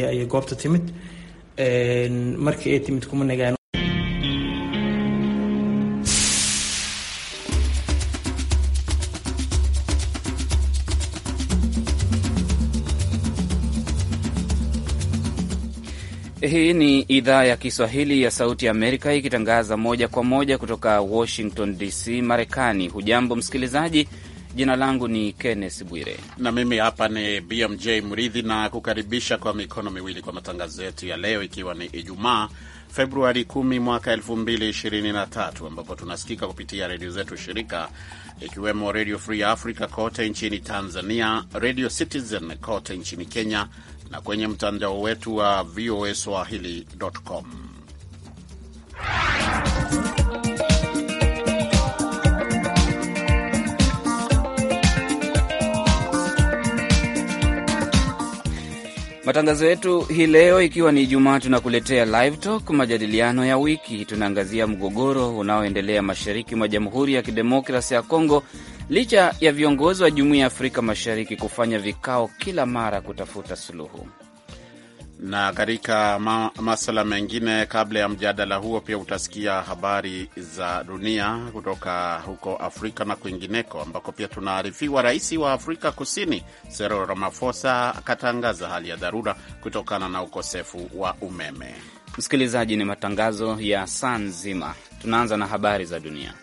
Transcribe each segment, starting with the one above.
ayay goobta timid markii ay timid kuma nagaan Hii ni idhaa ya Kiswahili ya Sauti Amerika ikitangaza moja kwa moja kutoka Washington DC, Marekani. Hujambo msikilizaji Jina langu ni Kenneth Bwire na mimi hapa ni BMJ Mridhi na kukaribisha kwa mikono miwili kwa matangazo yetu ya leo, ikiwa ni Ijumaa Februari 10 mwaka 2023, ambapo tunasikika kupitia redio zetu shirika ikiwemo Radio Free Africa kote nchini Tanzania, Radio Citizen kote nchini Kenya na kwenye mtandao wetu wa voa swahili.com Matangazo yetu hii leo, ikiwa ni Ijumaa, tunakuletea Live Talk, majadiliano ya wiki. Tunaangazia mgogoro unaoendelea mashariki mwa Jamhuri ya Kidemokrasi ya Kongo, licha ya viongozi wa Jumuiya ya Afrika Mashariki kufanya vikao kila mara kutafuta suluhu. Na katika ma masala mengine, kabla ya mjadala huo, pia utasikia habari za dunia kutoka huko Afrika na kwingineko, ambako pia tunaarifiwa rais wa Afrika Kusini Cyril Ramaphosa akatangaza hali ya dharura kutokana na ukosefu wa umeme. Msikilizaji, ni matangazo ya saa nzima. Tunaanza na habari za dunia.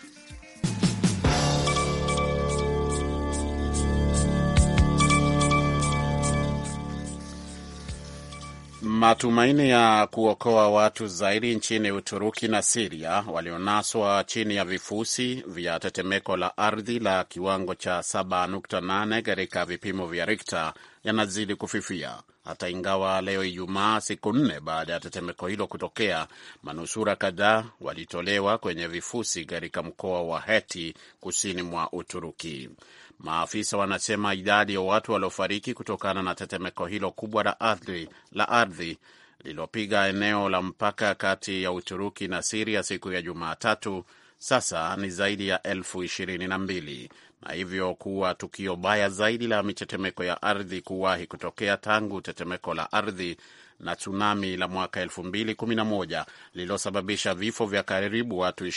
Matumaini ya kuokoa watu zaidi nchini Uturuki na Siria walionaswa chini ya vifusi vya tetemeko la ardhi la kiwango cha 7.8 katika vipimo vya rikta yanazidi kufifia hata ingawa leo Ijumaa, siku nne baada ya tetemeko hilo kutokea, manusura kadhaa walitolewa kwenye vifusi katika mkoa wa Heti kusini mwa Uturuki. Maafisa wanasema idadi ya watu waliofariki kutokana na tetemeko hilo kubwa la ardhi la ardhi lililopiga eneo la mpaka kati ya Uturuki na Siria siku ya Jumatatu sasa ni zaidi ya elfu ishirini na mbili na hivyo kuwa tukio baya zaidi la mitetemeko ya ardhi kuwahi kutokea tangu tetemeko la ardhi na tsunami la mwaka 2011 lililosababisha vifo vya karibu watu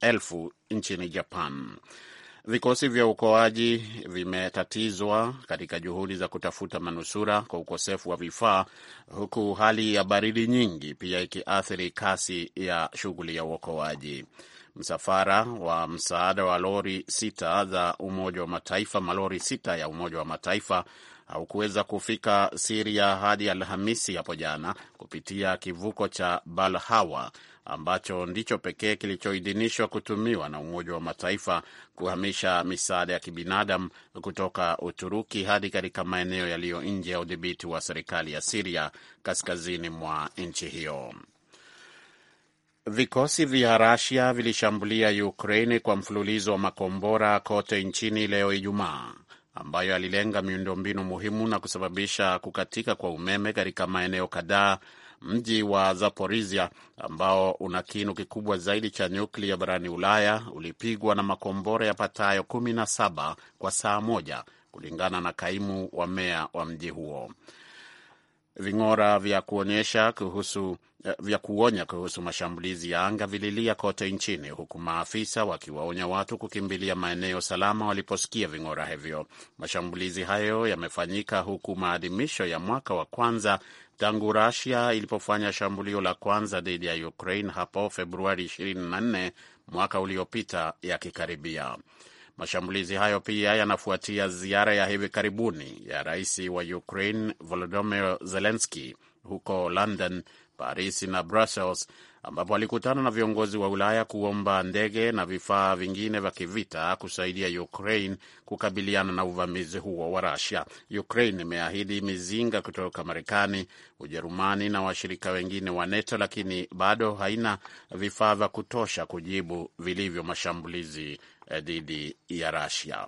elfu nchini Japan. Vikosi vya uokoaji vimetatizwa katika juhudi za kutafuta manusura kwa ukosefu wa vifaa, huku hali ya baridi nyingi pia ikiathiri kasi ya shughuli ya uokoaji. Msafara wa msaada wa lori sita za Umoja wa Mataifa, malori sita ya Umoja wa Mataifa haukuweza kufika Siria hadi Alhamisi hapo jana kupitia kivuko cha Balhawa ambacho ndicho pekee kilichoidhinishwa kutumiwa na Umoja wa Mataifa kuhamisha misaada ya kibinadamu kutoka Uturuki hadi katika maeneo yaliyo nje ya udhibiti wa serikali ya Siria kaskazini mwa nchi hiyo. Vikosi vya Rasia vilishambulia Ukraini kwa mfululizo wa makombora kote nchini leo Ijumaa ambayo alilenga miundombinu muhimu na kusababisha kukatika kwa umeme katika maeneo kadhaa. Mji wa Zaporizhia ambao una kinu kikubwa zaidi cha nyuklia barani Ulaya ulipigwa na makombora yapatayo 17 kwa saa moja, kulingana na kaimu wa meya wa mji huo. Ving'ora vya kuonyesha kuhusu Eh, vya kuonya kuhusu mashambulizi ya anga vililia kote nchini, huku maafisa wakiwaonya watu kukimbilia maeneo salama waliposikia ving'ora hivyo. Mashambulizi hayo yamefanyika huku maadhimisho ya mwaka wa kwanza tangu rasia ilipofanya shambulio la kwanza dhidi ya Ukraine hapo Februari 24 mwaka uliopita yakikaribia. Mashambulizi hayo pia yanafuatia ziara ya hivi karibuni ya rais wa Ukraine Volodymyr Zelensky huko London Paris na Brussels, ambapo alikutana na viongozi wa Ulaya kuomba ndege na vifaa vingine vya kivita kusaidia Ukraine kukabiliana na uvamizi huo wa rasia Ukraine imeahidi mizinga kutoka Marekani, Ujerumani na washirika wengine wa NATO, lakini bado haina vifaa vya kutosha kujibu vilivyo mashambulizi eh, dhidi ya Rusia.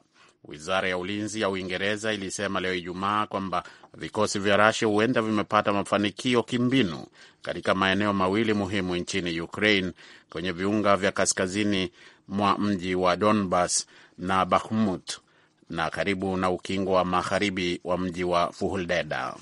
Wizara ya ulinzi ya Uingereza ilisema leo Ijumaa kwamba vikosi vya Urusi huenda vimepata mafanikio kimbinu katika maeneo mawili muhimu nchini Ukraine, kwenye viunga vya kaskazini mwa mji wa Donbas na Bakhmut na karibu na ukingo wa magharibi wa mji wa Fuhuldeda.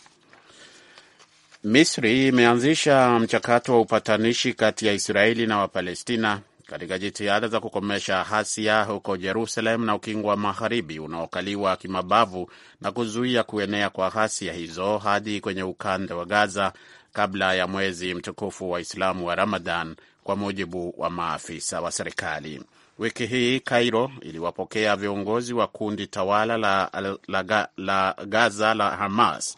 Misri imeanzisha mchakato wa upatanishi kati ya Israeli na Wapalestina katika jitihada za kukomesha hasia huko Jerusalem na ukingo wa magharibi unaokaliwa kimabavu na kuzuia kuenea kwa hasia hizo hadi kwenye ukanda wa Gaza kabla ya mwezi mtukufu wa Islamu wa Ramadhan, kwa mujibu wa maafisa wa serikali. Wiki hii Cairo iliwapokea viongozi wa kundi tawala la, la, la, la Gaza la Hamas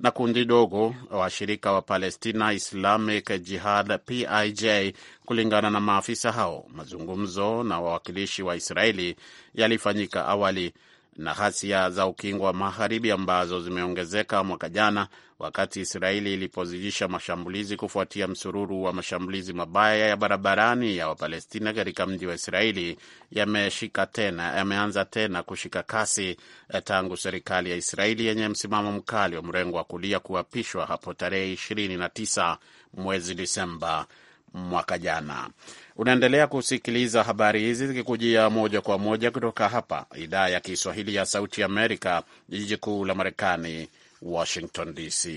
na kundi dogo washirika wa Palestina Islamic Jihad PIJ Kulingana na maafisa hao, mazungumzo na wawakilishi wa Israeli yalifanyika awali na ghasia za ukingo wa magharibi ambazo zimeongezeka mwaka jana wakati Israeli ilipozidisha mashambulizi kufuatia msururu wa mashambulizi mabaya ya barabarani ya Wapalestina katika mji wa Israeli yameshika tena, yameanza tena kushika kasi eh, tangu serikali ya Israeli yenye msimamo mkali wa mrengo wa kulia kuapishwa hapo tarehe 29 mwezi Disemba mwaka jana. Unaendelea kusikiliza habari hizi zikikujia moja kwa moja kutoka hapa idhaa ya Kiswahili ya Sauti Amerika, jiji kuu la Marekani, Washington DC.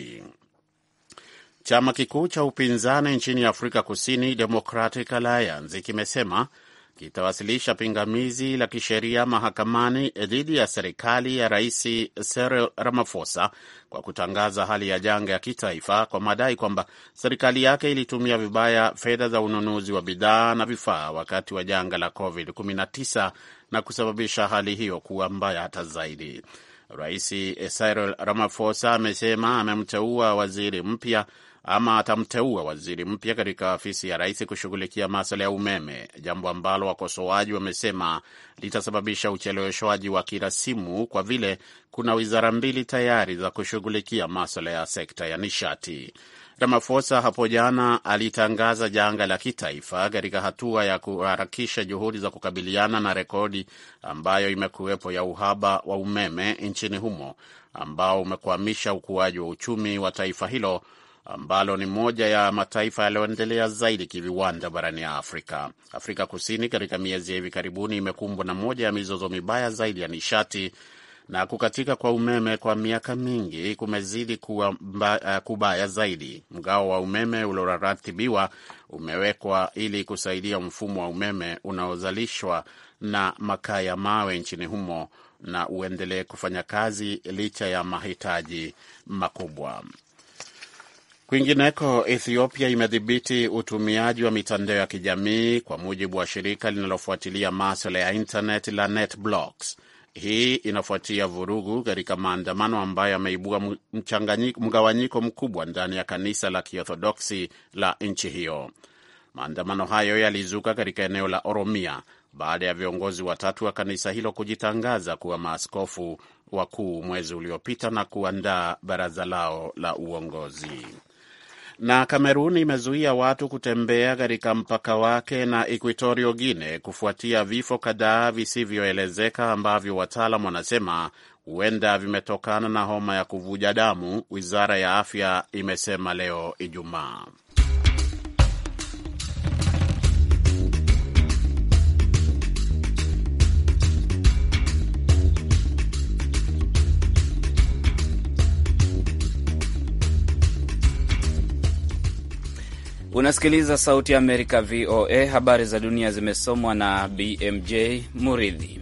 Chama kikuu cha upinzani nchini Afrika Kusini, Democratic Alliance, kimesema kitawasilisha pingamizi la kisheria mahakamani dhidi ya serikali ya Rais Cyril Ramaphosa kwa kutangaza hali ya janga ya kitaifa kwa madai kwamba serikali yake ilitumia vibaya fedha za ununuzi wa bidhaa na vifaa wakati wa janga la COVID-19 na kusababisha hali hiyo kuwa mbaya hata zaidi. Rais Cyril Ramaphosa amesema amemteua waziri mpya ama atamteua waziri mpya katika afisi ya rais kushughulikia masuala ya umeme, jambo ambalo wakosoaji wamesema litasababisha ucheleweshwaji wa kirasimu kwa vile kuna wizara mbili tayari za kushughulikia masuala ya sekta ya nishati. ramafosa hapo jana alitangaza janga la kitaifa katika hatua ya kuharakisha juhudi za kukabiliana na rekodi ambayo imekuwepo ya uhaba wa umeme nchini humo ambao umekwamisha ukuaji wa uchumi wa taifa hilo ambalo ni moja ya mataifa yaliyoendelea zaidi kiviwanda barani ya Afrika. Afrika Kusini katika miezi ya hivi karibuni imekumbwa na moja ya mizozo mibaya zaidi ya nishati na kukatika kwa umeme kwa miaka mingi kumezidi kuwa mba, eh, kubaya zaidi. Mgao wa umeme ulioratibiwa umewekwa ili kusaidia mfumo wa umeme unaozalishwa na makaa ya mawe nchini humo na uendelee kufanya kazi licha ya mahitaji makubwa. Kwingineko, Ethiopia imedhibiti utumiaji wa mitandao ya kijamii kwa mujibu wa shirika linalofuatilia maswala ya internet la NetBlocks. Hii inafuatia vurugu katika maandamano ambayo yameibua mgawanyiko mkubwa ndani ya kanisa la Kiorthodoksi la nchi hiyo. Maandamano hayo yalizuka katika eneo la Oromia baada ya viongozi watatu wa kanisa hilo kujitangaza kuwa maaskofu wakuu mwezi uliopita na kuandaa baraza lao la uongozi. Na kamerun imezuia watu kutembea katika mpaka wake na Equatorio Guine kufuatia vifo kadhaa visivyoelezeka ambavyo wataalam wanasema huenda vimetokana na homa ya kuvuja damu, wizara ya afya imesema leo Ijumaa. Unasikiliza Sauti ya Amerika, VOA. Habari za dunia zimesomwa na BMJ Muridhi.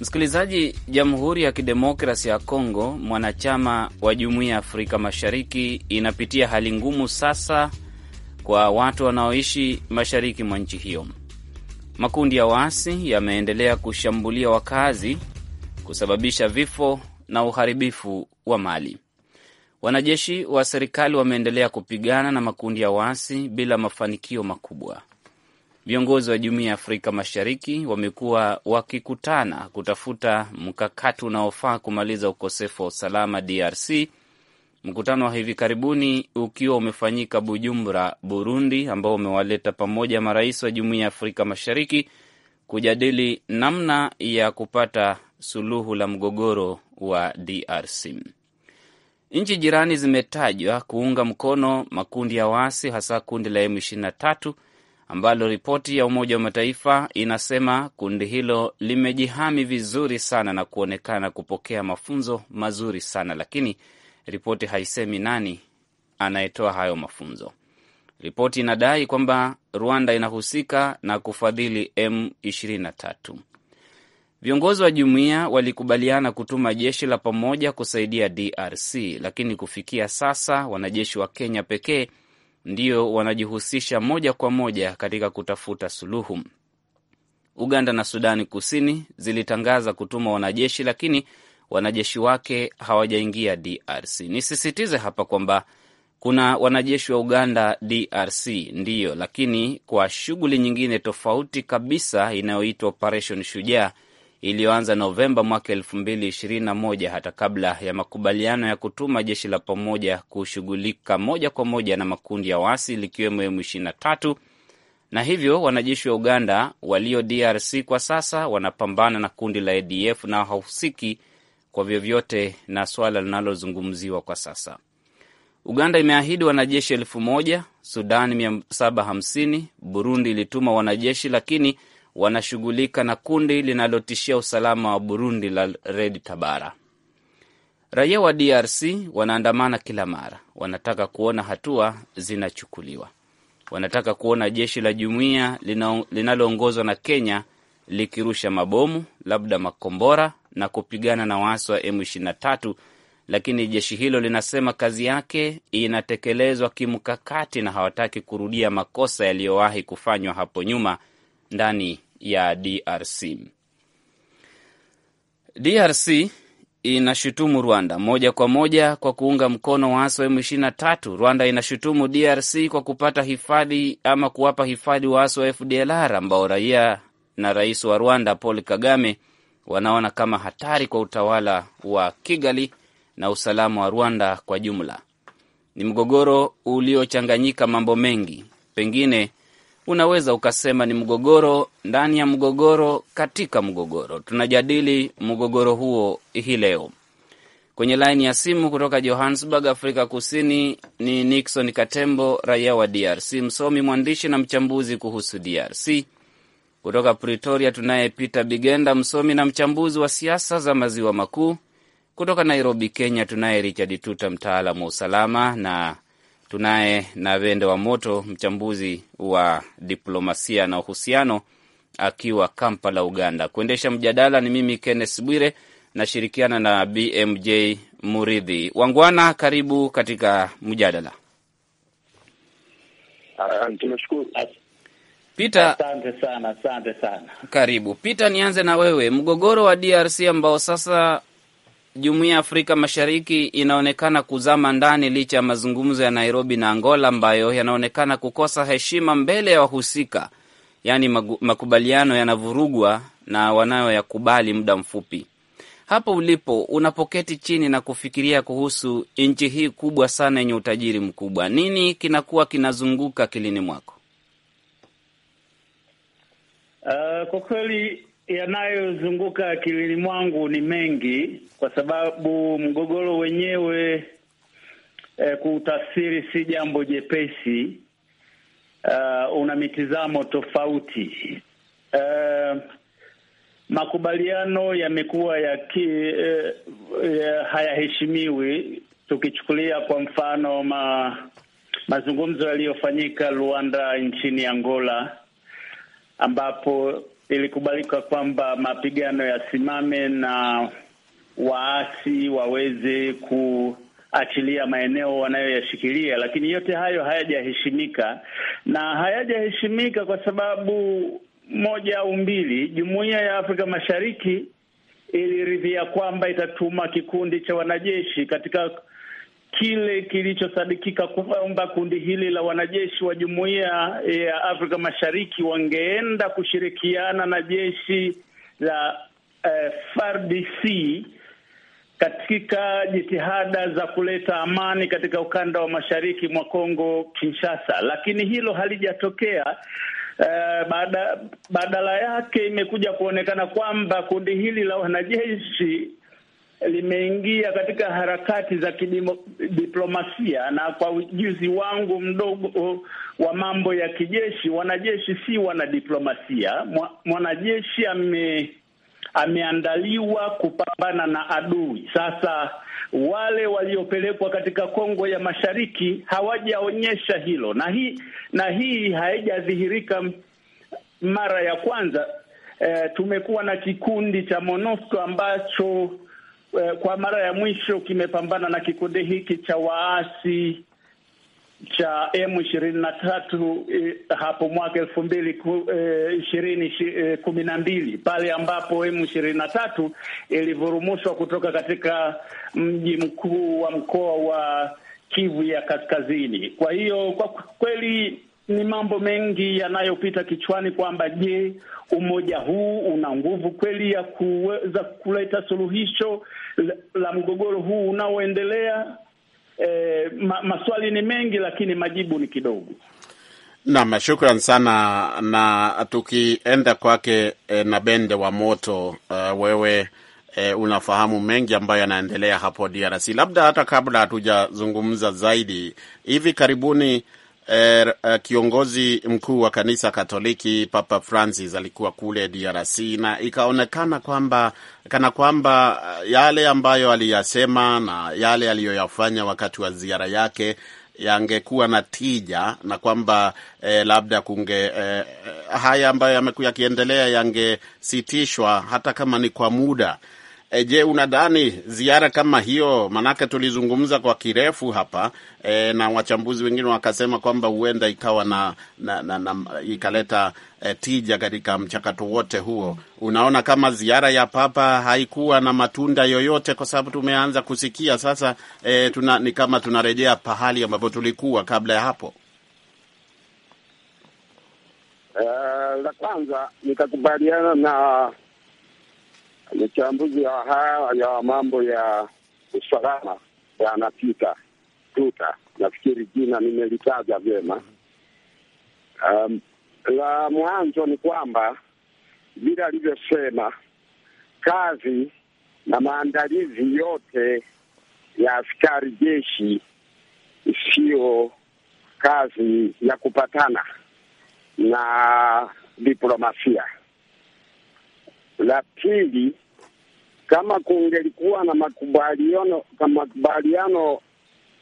Msikilizaji, Jamhuri ya Kidemokrasi ya Kongo, mwanachama wa Jumuiya ya Afrika Mashariki, inapitia hali ngumu sasa kwa watu wanaoishi mashariki mwa nchi hiyo. Makundi ya waasi yameendelea kushambulia wakazi, kusababisha vifo na uharibifu wa mali. Wanajeshi wa serikali wameendelea kupigana na makundi ya waasi bila mafanikio makubwa. Viongozi wa Jumuiya ya Afrika Mashariki wamekuwa wakikutana kutafuta mkakati unaofaa kumaliza ukosefu wa usalama DRC, mkutano wa hivi karibuni ukiwa umefanyika Bujumbura, Burundi, ambao umewaleta pamoja marais wa Jumuiya ya Afrika Mashariki kujadili namna ya kupata suluhu la mgogoro wa DRC. Nchi jirani zimetajwa kuunga mkono makundi ya waasi, hasa kundi la M23 ambalo ripoti ya Umoja wa Mataifa inasema kundi hilo limejihami vizuri sana na kuonekana kupokea mafunzo mazuri sana, lakini ripoti haisemi nani anayetoa hayo mafunzo. Ripoti inadai kwamba Rwanda inahusika na kufadhili M23. Viongozi wa jumuiya walikubaliana kutuma jeshi la pamoja kusaidia DRC, lakini kufikia sasa wanajeshi wa Kenya pekee ndio wanajihusisha moja kwa moja katika kutafuta suluhu. Uganda na Sudani Kusini zilitangaza kutuma wanajeshi, lakini wanajeshi wake hawajaingia DRC. Nisisitize hapa kwamba kuna wanajeshi wa Uganda DRC ndiyo, lakini kwa shughuli nyingine tofauti kabisa inayoitwa Operation Shujaa iliyoanza Novemba mwaka elfu mbili ishirini na moja hata kabla ya makubaliano ya kutuma jeshi la pamoja kushughulika moja kwa moja na makundi ya waasi likiwemo emu ishirini na tatu na hivyo wanajeshi wa Uganda walio DRC kwa sasa wanapambana na kundi la ADF na hahusiki kwa vyovyote na swala linalozungumziwa kwa sasa. Uganda imeahidi wanajeshi elfu moja, Sudan 750, Burundi ilituma wanajeshi lakini wanashughulika na kundi linalotishia usalama wa Burundi la Red Tabara. Raia wa DRC wanaandamana kila mara, wanataka kuona hatua zinachukuliwa. Wanataka kuona jeshi la jumuiya linaloongozwa na Kenya likirusha mabomu, labda makombora, na kupigana na waasi wa M23, lakini jeshi hilo linasema kazi yake inatekelezwa kimkakati na hawataki kurudia makosa yaliyowahi kufanywa hapo nyuma ndani ya DRC. DRC inashutumu Rwanda moja kwa moja kwa kuunga mkono waasi wa M23. Rwanda inashutumu DRC kwa kupata hifadhi ama kuwapa hifadhi waasi wa FDLR ambao raia na rais wa Rwanda Paul Kagame wanaona kama hatari kwa utawala wa Kigali na usalama wa Rwanda kwa jumla. Ni mgogoro uliochanganyika mambo mengi, pengine unaweza ukasema ni mgogoro ndani ya mgogoro, katika mgogoro. Tunajadili mgogoro huo hii leo. Kwenye laini ya simu kutoka Johannesburg, Afrika Kusini, ni Nixon Katembo, raia wa DRC, msomi, mwandishi na mchambuzi kuhusu DRC. Kutoka Pretoria tunaye Peter Bigenda, msomi na mchambuzi wa siasa za maziwa makuu. Kutoka Nairobi, Kenya, tunaye Richard Tuta, mtaalamu wa usalama na Tunaye na Vende wa Moto, mchambuzi wa diplomasia na uhusiano, akiwa Kampala, Uganda. Kuendesha mjadala ni mimi Kenneth Bwire, nashirikiana na BMJ Muridhi. Wangwana, karibu katika mjadala. Tunashukuru Peter, asante sana, asante sana. Karibu Peter, nianze na wewe. Mgogoro wa DRC ambao sasa Jumuiya ya Afrika Mashariki inaonekana kuzama ndani licha ya mazungumzo ya Nairobi na Angola ambayo yanaonekana kukosa heshima mbele ya wahusika, yaani makubaliano yanavurugwa na wanayoyakubali muda mfupi. Hapo ulipo unapoketi chini na kufikiria kuhusu nchi hii kubwa sana yenye utajiri mkubwa, nini kinakuwa kinazunguka kilini mwako? Uh, kwa kweli yanayozunguka akilini mwangu ni mengi, kwa sababu mgogoro wenyewe eh, kuutafsiri si jambo jepesi. Uh, una mitizamo tofauti. Uh, makubaliano yamekuwa ya eh, ya hayaheshimiwi, tukichukulia kwa mfano ma, mazungumzo yaliyofanyika Luanda nchini Angola ambapo ilikubalika kwamba mapigano yasimame na waasi waweze kuachilia maeneo wanayoyashikilia, lakini yote hayo hayajaheshimika, na hayajaheshimika kwa sababu moja au mbili. Jumuiya ya Afrika Mashariki iliridhia kwamba itatuma kikundi cha wanajeshi katika kile kilichosadikika kwamba kundi hili la wanajeshi wa Jumuiya ya Afrika Mashariki wangeenda kushirikiana na jeshi la eh, FARDC katika jitihada za kuleta amani katika ukanda wa mashariki mwa Kongo Kinshasa, lakini hilo halijatokea. Eh, badala yake imekuja kuonekana kwamba kundi hili la wanajeshi limeingia katika harakati za kidiplomasia, na kwa ujuzi wangu mdogo wa mambo ya kijeshi, wanajeshi si wanadiplomasia. Mwanajeshi ame ameandaliwa kupambana na adui. Sasa wale waliopelekwa katika Kongo ya Mashariki hawajaonyesha hilo, na hii na hii haijadhihirika mara ya kwanza. E, tumekuwa na kikundi cha MONUSCO ambacho Eh, kwa mara ya mwisho kimepambana na kikundi hiki cha waasi cha M ishirini na tatu eh, hapo mwaka elfu mbili eh, ishirini kumi na mbili pale ambapo M ishirini na tatu ilivurumushwa kutoka katika mji mkuu wa mkoa wa Kivu ya Kaskazini. Kwa hiyo kwa kweli ni mambo mengi yanayopita kichwani kwamba je, umoja huu una nguvu kweli ya kuweza kuleta suluhisho la mgogoro huu unaoendelea? E, ma, maswali ni mengi lakini majibu ni kidogo. Naam, shukran sana na tukienda kwake e, na Bende wa Moto uh, wewe E, unafahamu mengi ambayo yanaendelea hapo DRC. Labda hata kabla hatujazungumza zaidi, hivi karibuni Er, eh, kiongozi mkuu wa kanisa Katoliki Papa Francis alikuwa kule DRC na ikaonekana kwamba kana kwamba eh, yale ambayo aliyasema na yale aliyoyafanya wakati wa ziara yake yangekuwa na tija na kwamba eh, labda kunge eh, haya ambayo yamekuwa yakiendelea yangesitishwa hata kama ni kwa muda E, je, unadhani ziara kama hiyo, manake tulizungumza kwa kirefu hapa e, na wachambuzi wengine wakasema kwamba huenda ikawa na, na, na, na ikaleta e, tija katika mchakato wote huo. Unaona kama ziara ya Papa haikuwa na matunda yoyote, kwa sababu tumeanza kusikia sasa e, tuna, ni kama tunarejea pahali ambapo tulikuwa kabla ya hapo. Uh, la kwanza nikakubaliana na wa haya ya mambo ya usalama yanapita tuta, nafikiri jina nimelitaja vyema. Um, la mwanzo ni kwamba vile alivyosema, kazi na maandalizi yote ya askari jeshi isiyo kazi ya kupatana na diplomasia la pili, kama kungelikuwa na makubaliano makubaliano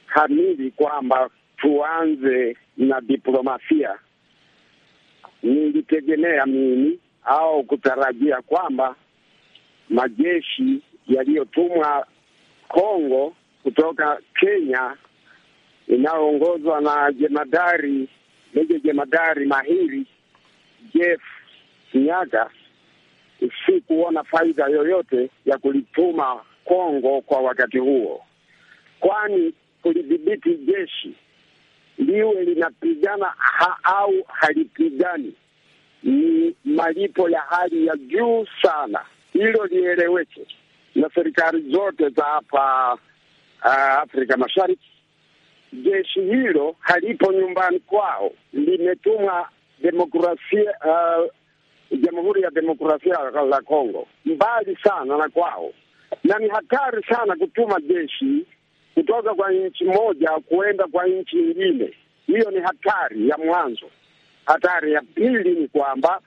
kamili kwamba tuanze na diplomasia, nilitegemea mimi au kutarajia kwamba majeshi yaliyotumwa Kongo kutoka Kenya inayoongozwa na jemadari meja jemadari mahiri Jeff Kinyaga si kuona faida yoyote ya kulituma Kongo kwa wakati huo, kwani kulidhibiti jeshi liwe linapigana ha au halipigani ni malipo ya hali ya juu sana. Hilo lieleweke na serikali zote za hapa uh, Afrika Mashariki. Jeshi hilo halipo nyumbani kwao, limetumwa demokrasia uh, Jamhuri ya Demokrasia la Kongo, mbali sana na kwao, na ni hatari sana kutuma jeshi kutoka kwa nchi moja kuenda kwa nchi nyingine. Hiyo ni hatari ya mwanzo. Hatari ya pili ni kwamba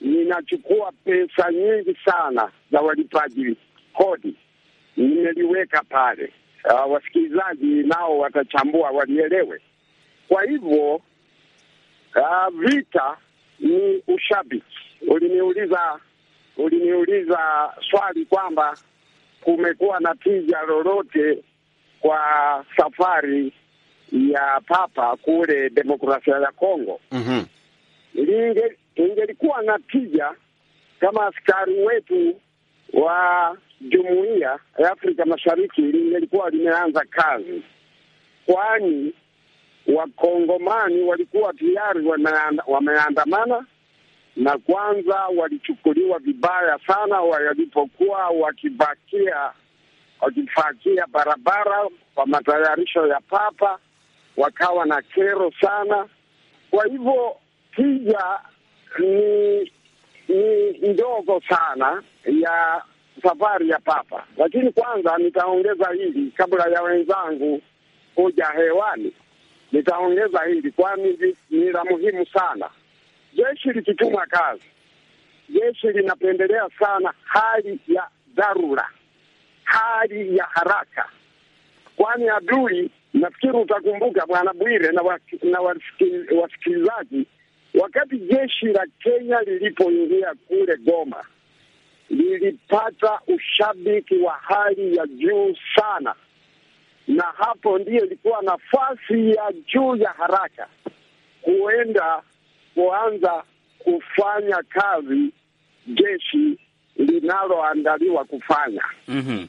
ninachukua pesa nyingi sana za walipaji kodi, nimeliweka pale. Uh, wasikilizaji nao watachambua walielewe. Kwa hivyo uh, vita ni ushabiki uliniuliza uliniuliza swali kwamba kumekuwa na tija lolote kwa safari ya papa kule demokrasia ya Kongo. mm-hmm. ingelikuwa na tija kama askari wetu wa jumuiya ya Afrika Mashariki lingelikuwa limeanza kazi, kwani wakongomani walikuwa tayari wameandamana na kwanza walichukuliwa vibaya sana walipokuwa wakibakia wakifakia barabara kwa matayarisho ya Papa, wakawa na kero sana. Kwa hivyo tija ni, ni ndogo sana ya safari ya Papa. Lakini kwanza nitaongeza hili kabla ya wenzangu kuja hewani, nitaongeza hili kwani ni la muhimu sana jeshi likitumwa kazi, jeshi linapendelea sana hali ya dharura, hali ya haraka, kwani adui, nafikiri utakumbuka Bwana Bwire na, na wasikilizaji, wakati jeshi la Kenya lilipoingia kule Goma lilipata ushabiki wa hali ya juu sana, na hapo ndiyo ilikuwa nafasi ya juu ya haraka kuenda kuanza kufanya kazi jeshi linaloandaliwa kufanya mm -hmm.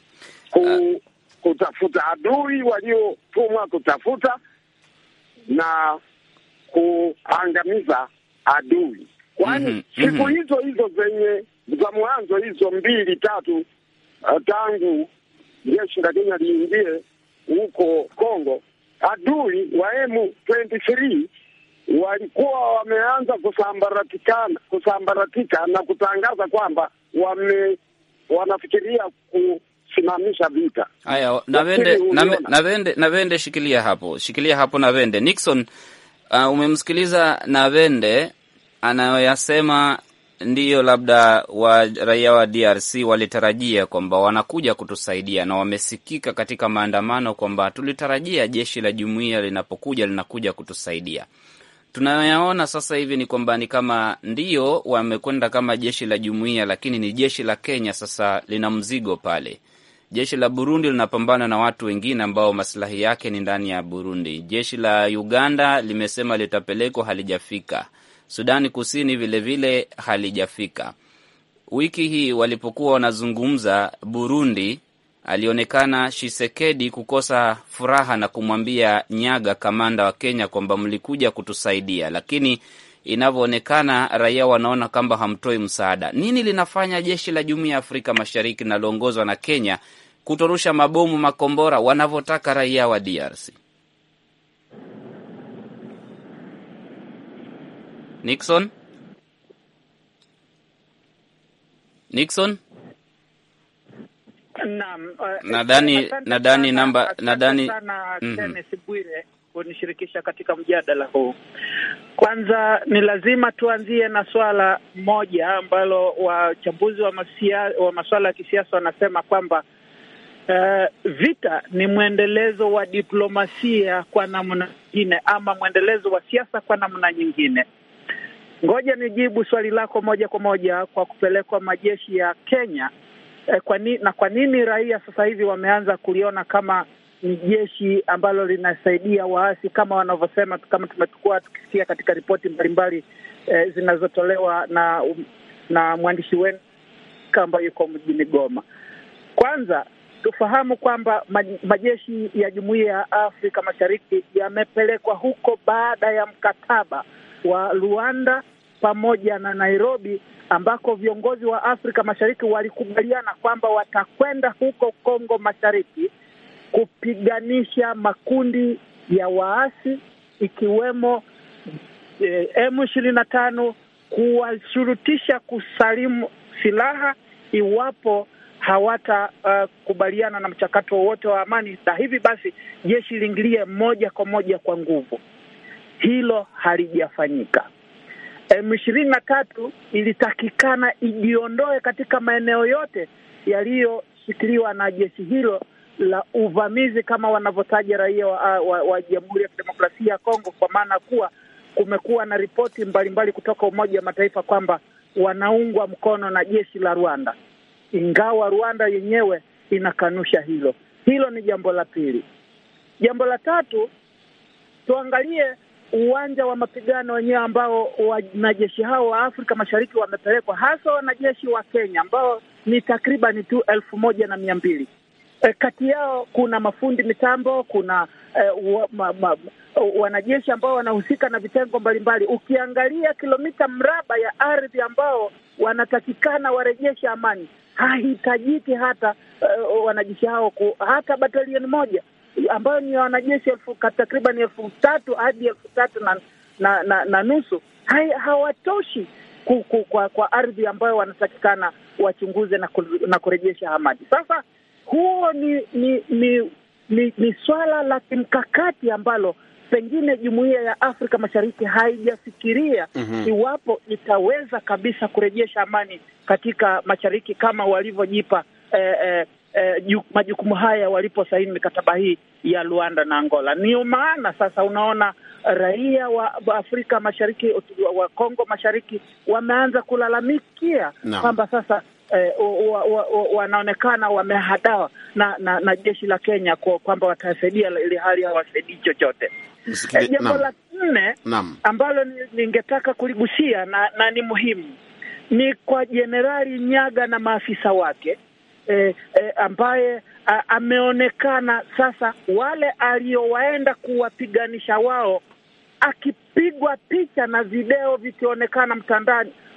ku, ah. kutafuta adui waliotumwa kutafuta na kuangamiza adui, kwani mm -hmm. siku mhm. hizo hizo zenye za mwanzo hizo mbili tatu, uh, tangu jeshi la Kenya liingie huko Kongo, adui wa M23 walikuwa wameanza kusambaratika kusambaratika na kutangaza kwamba wame wanafikiria kusimamisha vita. Haya, Navende, Navende, Navende, shikilia hapo, shikilia hapo Navende. Nixon, uh, umemsikiliza Navende anayoyasema ndiyo, labda wa raia wa DRC walitarajia kwamba wanakuja kutusaidia, na wamesikika katika maandamano kwamba tulitarajia jeshi la jumuiya linapokuja linakuja kutusaidia tunayoyaona sasa hivi ni kwamba ni kama ndio wamekwenda kama jeshi la jumuiya, lakini ni jeshi la Kenya sasa lina mzigo pale. Jeshi la Burundi linapambana na watu wengine ambao masilahi yake ni ndani ya Burundi. Jeshi la Uganda limesema litapelekwa, halijafika. Sudani Kusini vilevile halijafika. Wiki hii walipokuwa wanazungumza Burundi alionekana Shisekedi kukosa furaha na kumwambia Nyaga, kamanda wa Kenya, kwamba mlikuja kutusaidia, lakini inavyoonekana raia wanaona kwamba hamtoi msaada. Nini linafanya jeshi la Jumuiya ya Afrika Mashariki linaloongozwa na Kenya kutorusha mabomu, makombora wanavyotaka raia wa DRC? Nixon, Nixon. Uh, nadhani nadhani eh, namba nadhani sana mhm. Kenneth Bwire kunishirikisha katika mjadala huu. Kwanza ni lazima tuanzie na swala moja ambalo wachambuzi wa wa masuala ya kisiasa wanasema kwamba uh, vita ni mwendelezo wa diplomasia kwa namna nyingine, ama mwendelezo wa siasa kwa namna nyingine. Ngoja nijibu swali lako moja kwa moja kwa kupelekwa majeshi ya Kenya eh, kwa ni, na kwa nini raia sasa hivi wameanza kuliona kama ni jeshi ambalo linasaidia waasi kama wanavyosema, kama tumekuwa tukisikia katika ripoti mbalimbali eh, zinazotolewa na um, na mwandishi wenu ambayo yuko mjini Goma. Kwanza tufahamu kwamba majeshi ya Jumuiya ya Afrika Mashariki yamepelekwa huko baada ya mkataba wa Luanda pamoja na Nairobi ambako viongozi wa Afrika Mashariki walikubaliana kwamba watakwenda huko Kongo Mashariki kupiganisha makundi ya waasi ikiwemo eh, M ishirini na tano kuwashurutisha kusalimu silaha iwapo hawatakubaliana eh, uh, na mchakato wowote wa amani, na hivi basi jeshi liingilie moja kwa moja kwa nguvu. Hilo halijafanyika. M ishirini na tatu ilitakikana ijiondoe katika maeneo yote yaliyoshikiliwa na jeshi hilo la uvamizi kama wanavyotaja raia wa, wa, wa Jamhuri ya Kidemokrasia ya Kongo, kwa maana kuwa kumekuwa na ripoti mbalimbali mbali kutoka Umoja wa Mataifa kwamba wanaungwa mkono na jeshi la Rwanda, ingawa Rwanda yenyewe inakanusha hilo. Hilo ni jambo la pili. Jambo la tatu, tuangalie uwanja wa mapigano wenyewe ambao wanajeshi hao wa Afrika Mashariki wamepelekwa, hasa wanajeshi wa Kenya ambao ni takriban tu elfu moja na mia mbili. E, kati yao kuna mafundi mitambo, kuna e, wa, ma, ma, wanajeshi ambao wanahusika na vitengo mbalimbali. Ukiangalia kilomita mraba ya ardhi ambao wanatakikana warejeshe amani, hahitajiki hata e, wanajeshi hao ku, hata batalioni moja ambayo ni wanajeshi takriban elfu tatu hadi elfu tatu na, na, na, na nusu hawatoshi ku, kwa, kwa ardhi ambayo wanatakikana wachunguze na, na kurejesha amani. Sasa huo ni ni, ni, ni, ni swala la kimkakati ambalo pengine jumuiya ya Afrika Mashariki haijafikiria mm -hmm. iwapo itaweza kabisa kurejesha amani katika mashariki kama walivyojipa eh, eh, eh, majukumu haya waliposaini mikataba hii ya Luanda na Angola. Ndio maana sasa unaona raia wa Afrika Mashariki wa Kongo Mashariki wameanza kulalamikia kwamba sasa eh, wanaonekana wamehadawa na, na, na jeshi la Kenya kwamba watasaidia ili hali hawasaidii chochote. Eh, jambo la nne ambalo ningetaka kuligusia na, na ni muhimu ni kwa Jenerali Nyaga na maafisa wake eh, eh, ambaye a, eh, ameonekana sasa, wale aliowaenda kuwapiganisha wao akipigwa picha na video vikionekana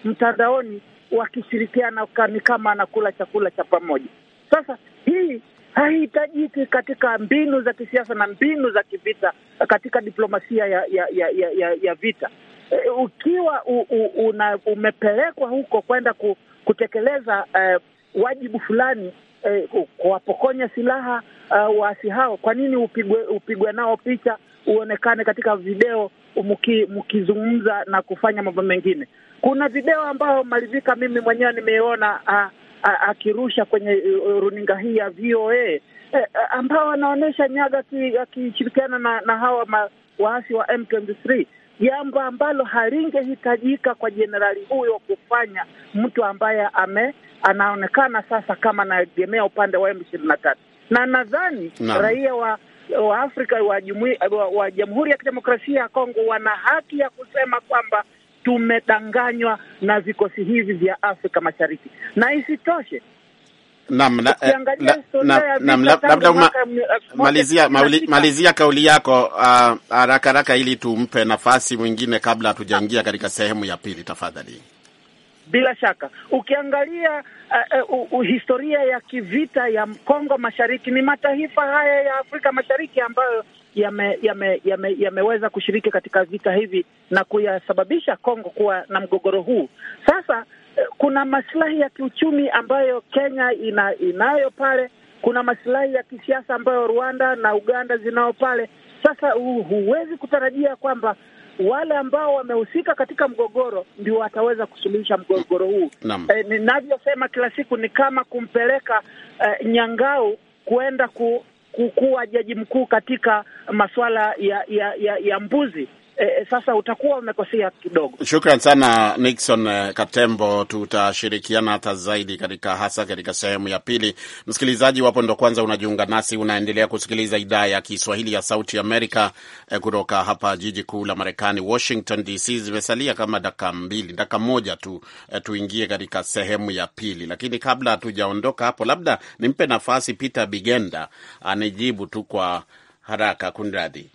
mtandaoni wakishirikiana ni kama anakula chakula cha pamoja. Sasa hii haihitajiki katika mbinu za kisiasa na mbinu za kivita katika diplomasia ya ya ya, ya, ya vita. E, ukiwa u, u, una, umepelekwa huko kwenda ku, kutekeleza eh, wajibu fulani eh, kuwapokonya silaha uh, waasi hao. Kwa nini upigwe upigwe nao picha uonekane katika video mkizungumza na kufanya mambo mengine? Kuna video ambayo Malivika mimi mwenyewe nimeiona ah, ah, akirusha kwenye uh, runinga hii ya VOA eh, eh, ambao anaonyesha Nyaga akishirikiana na, na hawa ma, waasi wa M23 jambo ambalo halingehitajika kwa jenerali huyo kufanya mtu ambaye ame anaonekana sasa kama anaegemea upande wa M ishirini na tatu na nadhani na raia wa wa Afrika wa wa, wa Jamhuri ya Kidemokrasia ya Kongo wana haki ya kusema kwamba tumedanganywa na vikosi hivi vya Afrika Mashariki, na isitoshe eh, labda malizia kauli yako ah, haraka haraka, ili tumpe nafasi mwingine kabla hatujaingia katika sehemu ya pili, tafadhali. Bila shaka ukiangalia uh, uh, uh, historia ya kivita ya Kongo Mashariki, ni mataifa haya ya Afrika Mashariki ambayo yameweza yame, yame, yame kushiriki katika vita hivi na kuyasababisha Kongo kuwa na mgogoro huu. Sasa eh, kuna masilahi ya kiuchumi ambayo Kenya ina, inayo pale. Kuna masilahi ya kisiasa ambayo Rwanda na Uganda zinao pale. Sasa huwezi kutarajia kwamba wale ambao wamehusika katika mgogoro ndio wataweza kusuluhisha mgogoro huu. E, ninavyosema kila siku ni kama kumpeleka e, Nyangau kuenda ku, kuwa jaji mkuu katika masuala ya, ya, ya, ya mbuzi Eh, eh, sasa utakuwa umekosea kidogo. Shukran sana Nixon eh, Katembo, tutashirikiana hata zaidi katika hasa katika sehemu ya pili. Msikilizaji wapo ndo kwanza unajiunga nasi, unaendelea kusikiliza idhaa ya Kiswahili ya Sauti Amerika eh, kutoka hapa jiji kuu la Marekani, Washington DC. Zimesalia kama dakika mbili, dakika moja tu eh, tuingie katika sehemu ya pili, lakini kabla hatujaondoka hapo, labda nimpe nafasi Peter Bigenda anijibu tu kwa haraka. Kunradhi,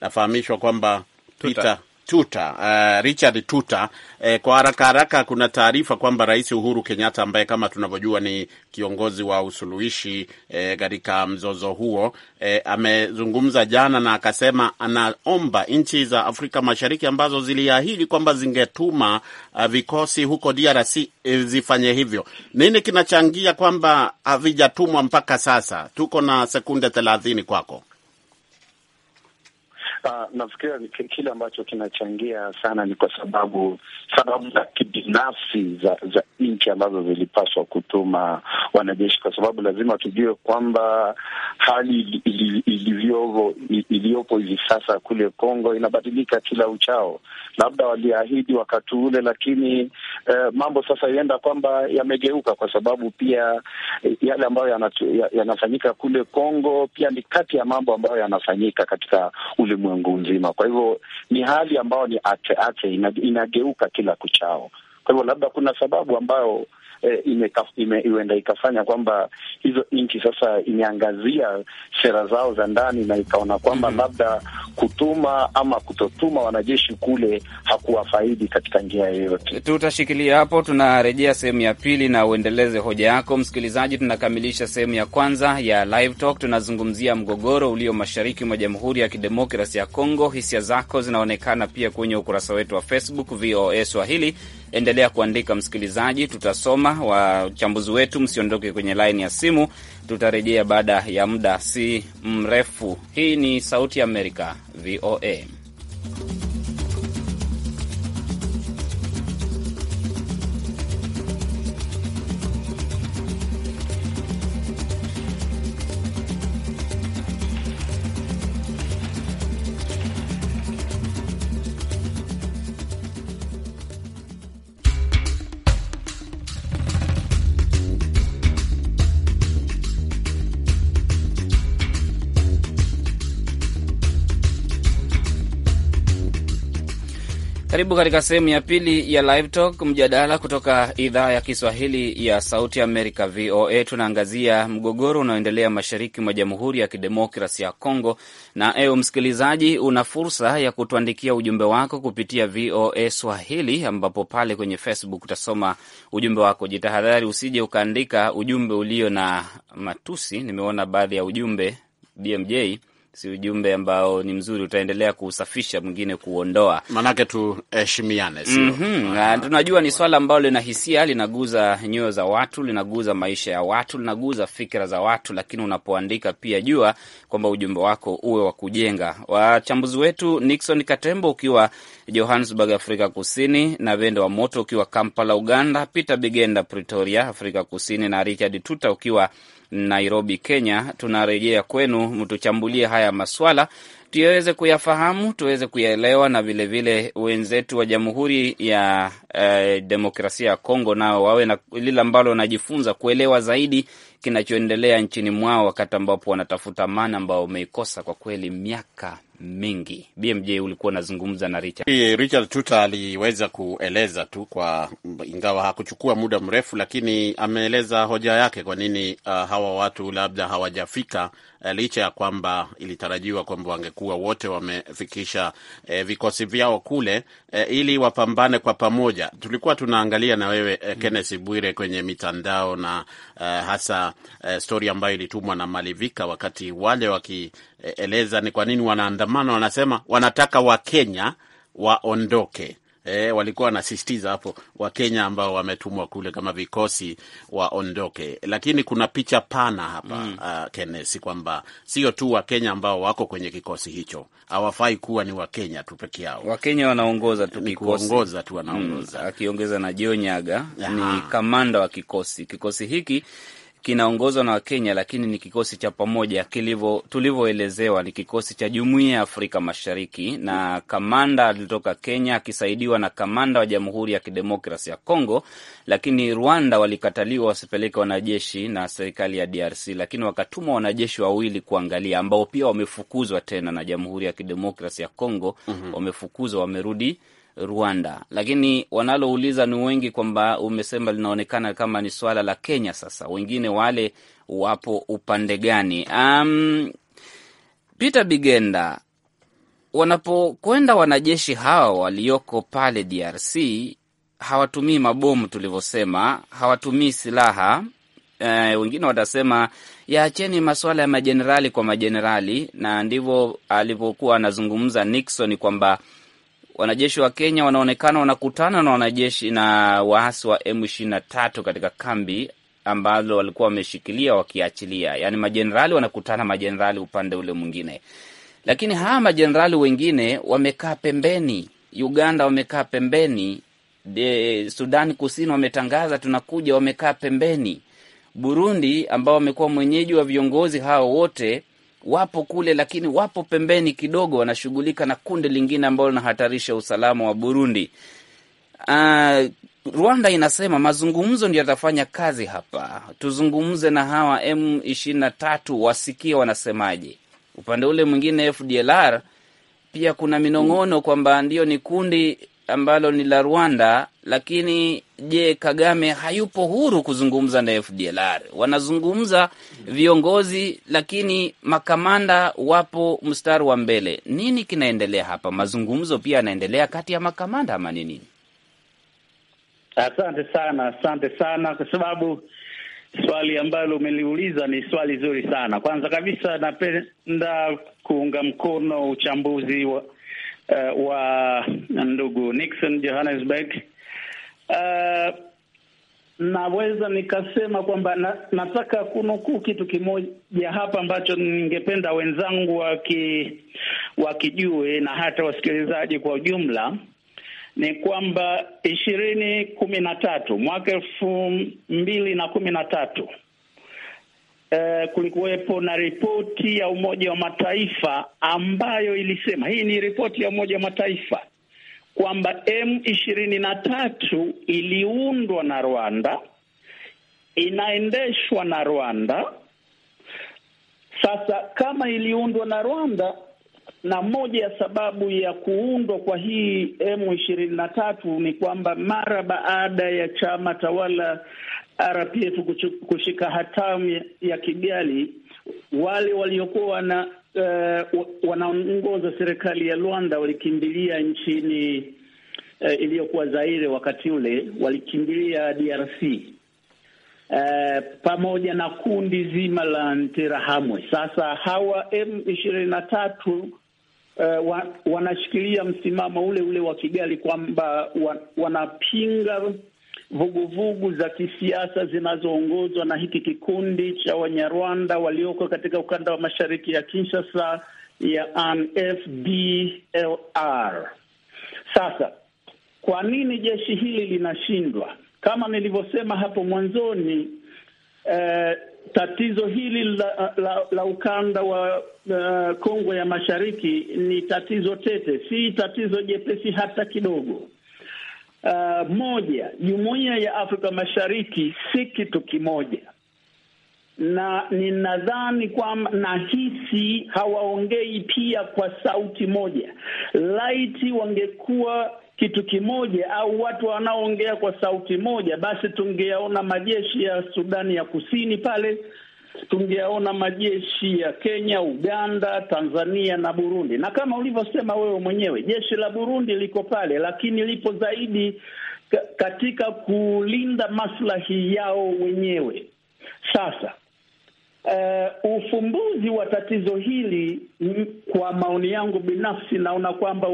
nafahamishwa kwamba Peter Tuta, uh, Richard Tuta. Eh, kwa haraka haraka, kuna taarifa kwamba Rais Uhuru Kenyatta ambaye kama tunavyojua ni kiongozi wa usuluhishi eh, katika eh, mzozo huo eh, amezungumza jana na akasema anaomba nchi za Afrika Mashariki ambazo ziliahidi kwamba zingetuma uh, vikosi huko DRC eh, zifanye hivyo. Nini kinachangia kwamba havijatumwa mpaka sasa? Tuko na sekunde thelathini kwako. Uh, nafikiria kile ambacho kinachangia sana ni kwa sababu sababu za kibinafsi za, za nchi ambazo zilipaswa kutuma wanajeshi, kwa sababu lazima tujue kwamba hali iliyopo hivi sasa kule Kongo inabadilika kila uchao. Labda waliahidi wakati ule, lakini eh, mambo sasa ienda kwamba yamegeuka, kwa sababu pia eh, yale ambayo yanafanyika kule Kongo pia ni kati ya mambo ambayo yanafanyika katika ulimwengu ulimwengu mzima. Kwa hivyo ni hali ambayo ni ateate, inageuka kila kuchao. Kwa hivyo labda kuna sababu ambayo eh, huenda ime, ikafanya kwamba hizo nchi sasa imeangazia sera zao za ndani na ikaona kwamba mm -hmm. labda kutuma ama kutotuma wanajeshi kule hakuwafaidi katika njia yoyote. Tutashikilia hapo, tunarejea sehemu ya pili na uendeleze hoja yako msikilizaji. Tunakamilisha sehemu ya kwanza ya Live Talk, tunazungumzia mgogoro ulio mashariki mwa Jamhuri ya Kidemokrasi ya Kongo. Hisia zako zinaonekana pia kwenye ukurasa wetu wa Facebook VOA Swahili Endelea kuandika msikilizaji, tutasoma wachambuzi wetu. Msiondoke kwenye laini ya simu, tutarejea baada ya muda si mrefu. Hii ni Sauti ya Amerika, VOA. Karibu katika sehemu ya pili ya Live Talk, mjadala kutoka idhaa ya Kiswahili ya Sauti Amerika, VOA. Tunaangazia mgogoro unaoendelea mashariki mwa Jamhuri ya Kidemokrasi ya congo na ewe msikilizaji, una fursa ya kutuandikia ujumbe wako kupitia VOA Swahili, ambapo pale kwenye Facebook utasoma ujumbe wako. Jitahadhari usije ukaandika ujumbe ulio na matusi. Nimeona baadhi ya ujumbe BMJ si ujumbe ambao ni mzuri, utaendelea kuusafisha, mwingine kuondoa maanake tuheshimiane. mm -hmm. Tunajua ni swala ambalo lina hisia, linaguza nyoyo za watu, linaguza maisha ya watu, linaguza fikira za watu, lakini unapoandika pia jua kwamba ujumbe wako uwe wa kujenga. Wachambuzi wetu Nixon Katembo ukiwa Johannesburg, Afrika Kusini, na Vendo wa Moto ukiwa Kampala, Uganda, Peter Bigenda, Pretoria, Afrika Kusini, na Richard Tuta ukiwa Nairobi, Kenya. Tunarejea kwenu, mtuchambulie haya maswala tuyaweze kuyafahamu, tuweze kuyaelewa, na vilevile wenzetu wa Jamhuri ya eh, Demokrasia ya Kongo nao wawe na lile ambalo wanajifunza kuelewa zaidi kinachoendelea nchini mwao, wakati ambapo wanatafuta amani ambao wameikosa kwa kweli miaka mingi. BMJ ulikuwa unazungumza na Richard. Richard Tuta aliweza kueleza tu kwa, ingawa hakuchukua muda mrefu, lakini ameeleza hoja yake kwa nini uh, hawa watu labda hawajafika uh, licha ya kwamba ilitarajiwa kwamba wangekuwa wote wamefikisha uh, vikosi vyao kule e, ili wapambane kwa pamoja. Tulikuwa tunaangalia na wewe e, Kenneth Bwire kwenye mitandao na e, hasa e, stori ambayo ilitumwa na Malivika wakati wale wakieleza ni kwa nini wanaandamana, wanasema wanataka Wakenya waondoke E, walikuwa wanasisitiza hapo Wakenya ambao wametumwa kule kama vikosi waondoke, lakini kuna picha pana hapa mm. Uh, ah, Kenesi, kwamba sio tu Wakenya ambao wako kwenye kikosi hicho hawafai kuwa ni Wakenya tu peke yao. Wakenya wanaongoza tu kikosi, kuongoza tu mm. wanaongoza mm. Akiongeza na Jonyaga ni kamanda wa kikosi kikosi hiki kinaongozwa na Wakenya, lakini ni kikosi cha pamoja kilivyo, tulivyoelezewa ni kikosi cha jumuiya ya Afrika Mashariki, na kamanda alitoka Kenya akisaidiwa na kamanda wa Jamhuri ya Kidemokrasi ya congo lakini Rwanda walikataliwa wasipeleke wanajeshi na serikali ya DRC, lakini wakatuma wanajeshi wawili kuangalia, ambao pia wamefukuzwa tena na Jamhuri ya Kidemokrasi ya congo mm -hmm. Wamefukuzwa, wamerudi Rwanda. Lakini wanalouliza ni wengi, kwamba umesema linaonekana kama ni swala la Kenya. Sasa wengine wale wapo upande gani? Um, Peter Bigenda, wanapokwenda wanajeshi hawa walioko pale DRC hawatumii mabomu tulivyosema, hawatumii silaha e, Wengine watasema yaacheni masuala ya majenerali kwa majenerali, na ndivyo alivyokuwa anazungumza Nixon kwamba wanajeshi wa Kenya wanaonekana wanakutana na wanajeshi na waasi wa M23 katika kambi ambalo walikuwa wameshikilia wakiachilia, yaani majenerali wanakutana, majenerali upande ule mwingine, lakini hawa majenerali wengine wamekaa pembeni. Uganda wamekaa pembeni, Sudani Kusini wametangaza tunakuja, wamekaa pembeni. Burundi ambao wamekuwa mwenyeji wa viongozi hao wote wapo kule, lakini wapo pembeni kidogo, wanashughulika na kundi lingine ambalo linahatarisha usalama wa Burundi. Uh, Rwanda inasema mazungumzo ndio yatafanya kazi hapa, tuzungumze na hawa M ishirini na tatu wasikie wanasemaje. Upande ule mwingine FDLR pia kuna minong'ono kwamba ndio ni kundi ambalo ni la Rwanda, lakini je, Kagame hayupo huru kuzungumza na FDLR? Wanazungumza viongozi, lakini makamanda wapo mstari wa mbele. Nini kinaendelea hapa? Mazungumzo pia yanaendelea kati ya makamanda ama ni nini? Asante sana, asante sana kwa sababu swali ambalo umeliuliza ni swali zuri sana. Kwanza kabisa, napenda kuunga mkono uchambuzi wa, uh, wa ndugu Nixon Johannesburg. Uh, naweza nikasema kwamba na, nataka kunukuu kitu kimoja hapa ambacho ningependa wenzangu waki, wakijue na hata wasikilizaji kwa ujumla ni kwamba ishirini kumi na tatu mwaka elfu mbili na kumi na tatu Eh, kulikuwepo na ripoti ya Umoja wa Mataifa ambayo ilisema, hii ni ripoti ya Umoja wa Mataifa kwamba M ishirini na tatu iliundwa na Rwanda, inaendeshwa na Rwanda. Sasa kama iliundwa na Rwanda, na moja ya sababu ya kuundwa kwa hii M ishirini na tatu ni kwamba mara baada ya chama tawala RPF kushika hatamu ya Kigali, wale waliokuwa wana uh, eh, wanaongoza serikali ya Rwanda walikimbilia nchini uh, iliyokuwa Zaire wakati ule, walikimbilia DRC uh, eh, pamoja na kundi zima la Nterahamwe. Sasa hawa M ishirini na tatu Uh, wa, wanashikilia msimamo ule ule wa Kigali kwamba wa, wanapinga vuguvugu za kisiasa zinazoongozwa na hiki kikundi cha Wanyarwanda walioko katika ukanda wa mashariki ya Kinshasa ya ANFDLR. Sasa kwa nini jeshi hili linashindwa? Kama nilivyosema hapo mwanzoni, eh, tatizo hili la, la, la ukanda wa eh, Kongo uh, ya mashariki ni tatizo tete, si tatizo jepesi hata kidogo. Uh, moja, jumuiya ya Afrika Mashariki si kitu kimoja, na ninadhani kwamba nahisi hawaongei pia kwa sauti moja. Laiti wangekuwa kitu kimoja au watu wanaoongea kwa sauti moja, basi tungeyaona majeshi ya Sudani ya Kusini pale, tungeaona majeshi ya Kenya, Uganda, Tanzania na Burundi. Na kama ulivyosema wewe mwenyewe, jeshi la Burundi liko pale, lakini lipo zaidi katika kulinda maslahi yao wenyewe. Sasa uh, ufumbuzi wa tatizo hili kwa maoni yangu binafsi naona kwamba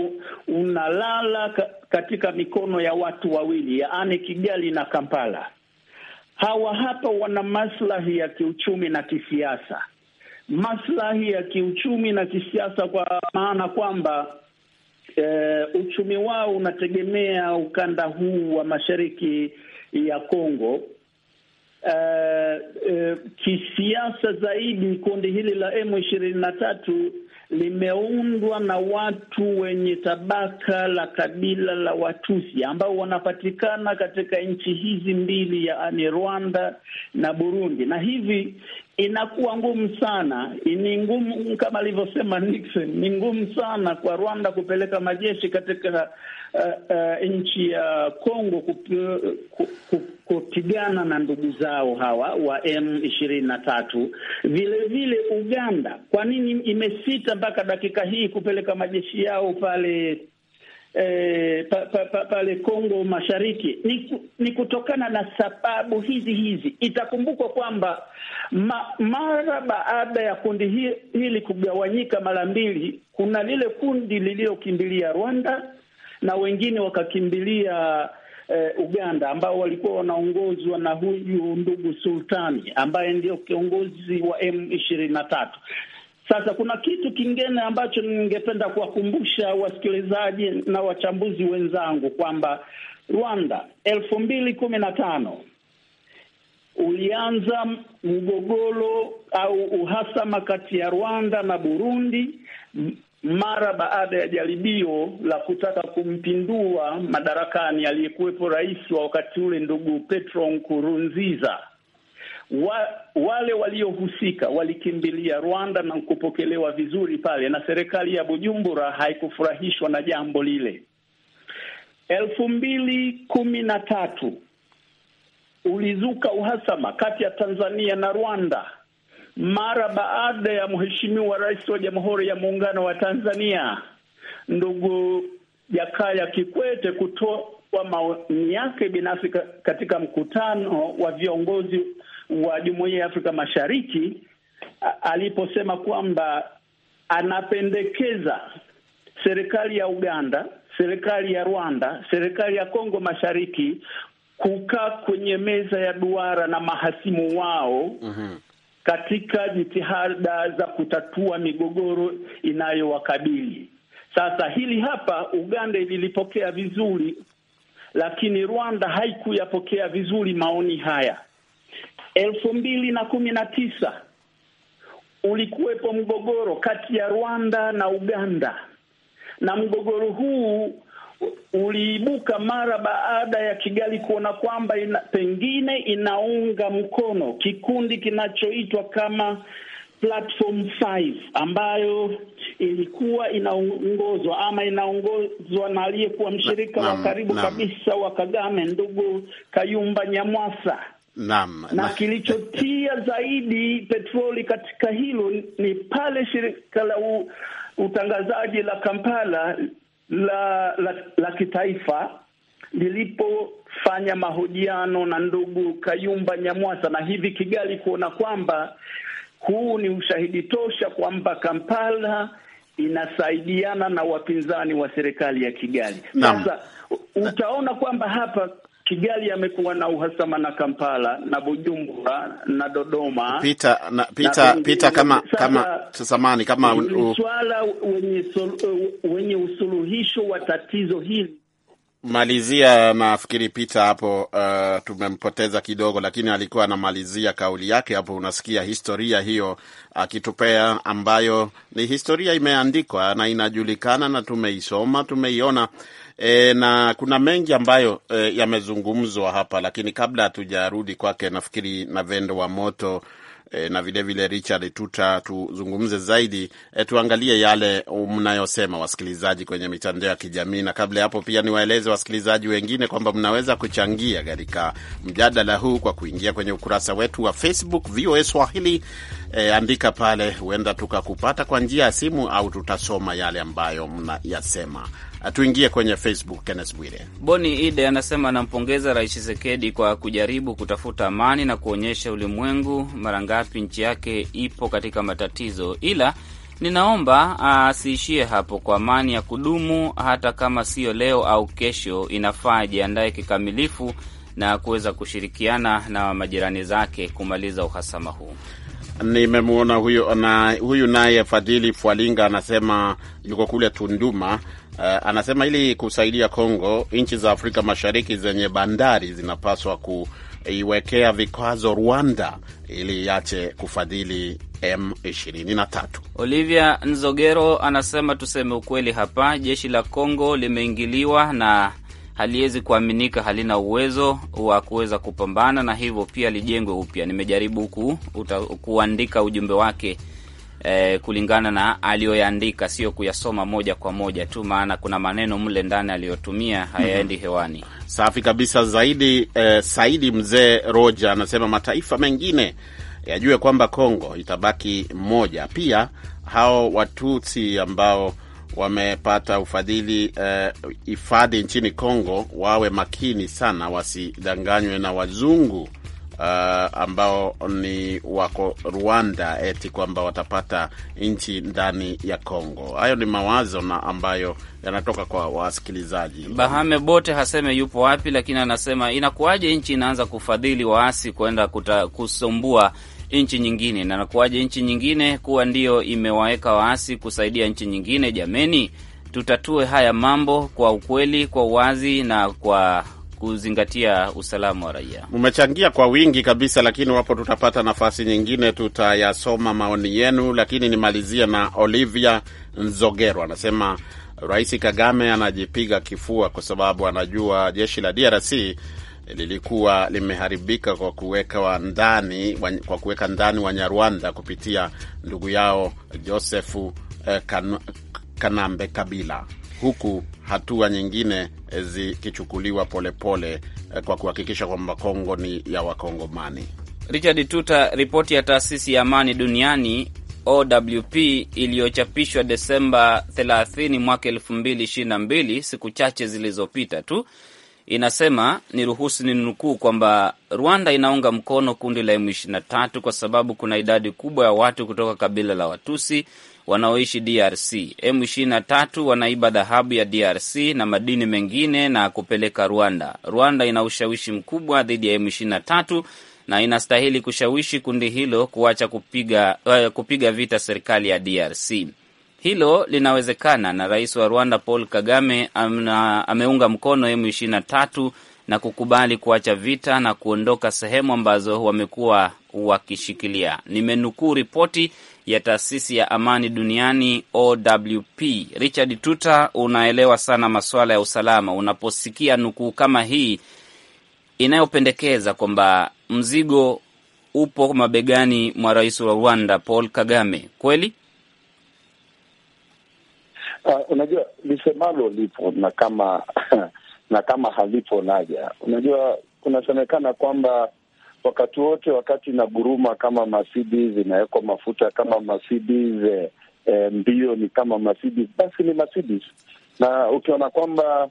unalala katika mikono ya watu wawili, yaani Kigali na Kampala hawa hapa wana maslahi ya kiuchumi na kisiasa, maslahi ya kiuchumi na kisiasa kwa maana kwamba e, uchumi wao unategemea ukanda huu wa mashariki ya Kongo. E, e, kisiasa zaidi kundi hili la M ishirini na tatu limeundwa na watu wenye tabaka la kabila la Watusi ambao wanapatikana katika nchi hizi mbili, yaani Rwanda na Burundi, na hivi inakuwa ngumu sana, ni ngumu kama alivyosema Nixon, ni ngumu sana kwa Rwanda kupeleka majeshi katika uh, uh, nchi ya Kongo kupigana na ndugu zao hawa wa M ishirini na tatu. Vile vile Uganda, kwa nini imesita mpaka dakika hii kupeleka majeshi yao pale eh, pale pa, pa, Kongo Mashariki ni, ni kutokana na sababu hizi hizi. Itakumbukwa kwamba ma, mara baada ya kundi hili, kugawanyika mara mbili, kuna lile kundi lililokimbilia Rwanda na wengine wakakimbilia eh, Uganda ambao walikuwa wanaongozwa na huyu ndugu Sultani ambaye ndio kiongozi wa M ishirini na tatu. Sasa kuna kitu kingine ambacho ningependa kuwakumbusha wasikilizaji na wachambuzi wenzangu kwamba Rwanda elfu mbili kumi na tano ulianza mgogoro au uhasama kati ya Rwanda na Burundi mara baada ya jaribio la kutaka kumpindua madarakani aliyekuwepo rais wa wakati ule ndugu Petro Nkurunziza wa, wale waliohusika walikimbilia Rwanda na kupokelewa vizuri pale, na serikali ya Bujumbura haikufurahishwa na jambo lile. elfu mbili kumi na tatu ulizuka uhasama kati ya Tanzania na Rwanda mara baada ya Mheshimiwa Rais wa Jamhuri ya Muungano wa Tanzania ndugu Jakaya Kikwete kutoa maoni yake binafsi katika mkutano wa viongozi wa Jumuiya ya Afrika Mashariki aliposema kwamba anapendekeza serikali ya Uganda, serikali ya Rwanda, serikali ya Kongo Mashariki kukaa kwenye meza ya duara na mahasimu wao mm -hmm. katika jitihada za kutatua migogoro inayowakabili. Sasa hili hapa Uganda ililipokea vizuri, lakini Rwanda haikuyapokea vizuri maoni haya elfu mbili na kumi na tisa ulikuwepo mgogoro kati ya Rwanda na Uganda, na mgogoro huu uliibuka mara baada ya Kigali kuona kwamba ina, pengine inaunga mkono kikundi kinachoitwa kama Platform 5 ambayo ilikuwa inaongozwa ama inaongozwa na aliyekuwa mshirika wa karibu kabisa wa Kagame, ndugu Kayumba Nyamwasa Naam, na kilichotia zaidi petroli katika hilo ni pale shirika la u, utangazaji la Kampala la la, la kitaifa lilipofanya mahojiano na ndugu Kayumba Nyamwasa na hivi Kigali, kuona kwamba huu ni ushahidi tosha kwamba Kampala inasaidiana na wapinzani wa serikali ya Kigali. Sasa utaona kwamba hapa Kigali amekuwa na uhasama na Kampala na Bujumbura na Dodoma. Peter, na, Peter, na Peter, kama kama samani kama swala wenye, wenye usuluhisho wa tatizo hili malizia nafikiri Peter hapo, uh, tumempoteza kidogo, lakini alikuwa anamalizia kauli yake hapo. Unasikia historia hiyo akitupea, ambayo ni historia imeandikwa na inajulikana na tumeisoma, tumeiona. E, na kuna mengi ambayo e, yamezungumzwa hapa, lakini kabla hatujarudi kwake, nafikiri na vendo wa moto e, na vilevile vile Richard tuta tuzungumze zaidi e, tuangalie yale mnayosema wasikilizaji kwenye mitandao ya kijamii. Na kabla ya hapo pia niwaeleze wasikilizaji wengine kwamba mnaweza kuchangia katika mjadala huu kwa kuingia kwenye ukurasa wetu wa Facebook VOA Swahili. E, andika pale, huenda tukakupata kwa njia ya simu au tutasoma yale ambayo mnayasema tuingie kwenye Facebook. Kenneth Bwire Boni Ide anasema anampongeza Rais Chisekedi kwa kujaribu kutafuta amani na kuonyesha ulimwengu mara ngapi nchi yake ipo katika matatizo, ila ninaomba asiishie hapo. Kwa amani ya kudumu, hata kama siyo leo au kesho, inafaa ajiandaye kikamilifu na kuweza kushirikiana na majirani zake kumaliza uhasama huu. Nimemwona huyu na huyu naye Fadhili Fwalinga anasema yuko kule Tunduma Uh, anasema ili kusaidia Kongo, nchi za Afrika Mashariki zenye bandari zinapaswa kuiwekea vikwazo Rwanda ili iache kufadhili M23. Olivia Nzogero anasema tuseme ukweli hapa, jeshi la Kongo limeingiliwa na haliwezi kuaminika, halina uwezo wa kuweza kupambana na hivyo pia lijengwe upya. Nimejaribu ku, uta, kuandika ujumbe wake eh, kulingana na aliyoyaandika, sio kuyasoma moja kwa moja tu, maana kuna maneno mle ndani aliyotumia hayaendi mm -hmm. hewani. Safi kabisa zaidi. Eh, Saidi Mzee Roja anasema mataifa mengine yajue kwamba Kongo itabaki moja. Pia hao Watutsi ambao wamepata ufadhili eh, hifadhi eh, nchini Kongo wawe makini sana, wasidanganywe na wazungu uh, ambao ni wako Rwanda eti kwamba watapata nchi ndani ya Kongo. Hayo ni mawazo na ambayo yanatoka kwa wasikilizaji. Bahame Bote haseme yupo wapi, lakini anasema inakuwaje nchi inaanza kufadhili waasi kwenda kusumbua nchi nyingine, na nakuwaje nchi nyingine kuwa ndio imewaweka waasi kusaidia nchi nyingine? Jameni, tutatue haya mambo kwa ukweli, kwa uwazi na kwa kuzingatia usalama wa raia. Mmechangia kwa wingi kabisa, lakini wapo tutapata nafasi nyingine, tutayasoma maoni yenu, lakini nimalizie na Olivia Nzogero anasema Rais Kagame anajipiga kifua kwa sababu anajua jeshi la DRC lilikuwa limeharibika kwa kuweka wa ndani, kwa kuweka ndani Wanyarwanda kupitia ndugu yao Josefu eh, kan, Kanambe Kabila huku hatua nyingine eh, zikichukuliwa polepole eh, kwa kuhakikisha kwamba Kongo ni ya Wakongomani. Richard Tuta, ripoti ya taasisi ya amani duniani OWP iliyochapishwa Desemba 30 mwaka 2022, siku chache zilizopita tu, inasema ni ruhusu ni nukuu kwamba Rwanda inaunga mkono kundi la M23 kwa sababu kuna idadi kubwa ya watu kutoka kabila la Watusi wanaoishi DRC. M23 wanaiba dhahabu ya DRC na madini mengine na kupeleka Rwanda. Rwanda ina ushawishi mkubwa dhidi ya M23 na inastahili kushawishi kundi hilo kuacha kupiga, uh, kupiga vita serikali ya DRC. Hilo linawezekana, na rais wa Rwanda Paul Kagame amna, ameunga mkono M23 na kukubali kuacha vita na kuondoka sehemu ambazo wamekuwa wakishikilia. Nimenukuu ripoti ya taasisi ya amani duniani OWP. Richard Tuta, unaelewa sana masuala ya usalama, unaposikia nukuu kama hii inayopendekeza kwamba mzigo upo mabegani mwa rais wa Rwanda Paul Kagame, kweli? Uh, unajua lisemalo lipo na kama na kama halipo naja. Unajua kunasemekana kwamba wakati wote, wakati na guruma kama Mercedes inawekwa mafuta kama Mercedes eh, eh, mbio ni kama Mercedes, basi ni Mercedes. Na ukiona kwamba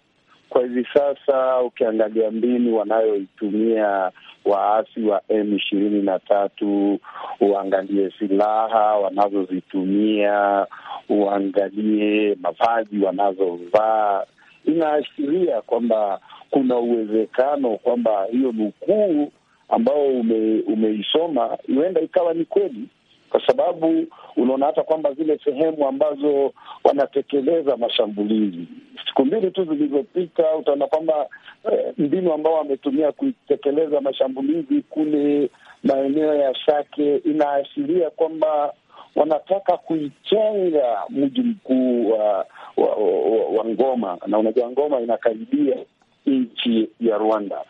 kwa hivi sasa ukiangalia mbinu wanayoitumia waasi wa M ishirini na tatu, uangalie silaha wanazozitumia, uangalie mavazi wanazovaa, inaashiria kwamba kuna uwezekano kwamba hiyo nukuu ambao ume, umeisoma huenda ikawa ni kweli, kwa sababu unaona hata kwamba zile sehemu ambazo wanatekeleza mashambulizi siku mbili tu zilizopita, utaona kwamba eh, mbinu ambao wametumia kutekeleza mashambulizi kule maeneo ya Shake inaashiria kwamba wanataka kuichenga mji mkuu wa, wa, wa, wa Ngoma, na unajua Ngoma inakaribia nchi ya Rwanda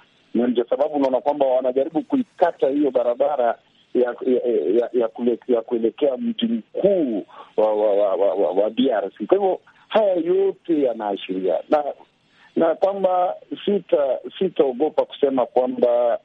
ndio sababu unaona kwamba wanajaribu kuikata hiyo barabara ya ya, ya, ya kuelekea mji mkuu wa, wa, wa, wa, wa, wa DRC. Kwa hivyo haya yote yanaashiria na na kwamba sita sitaogopa kusema kwamba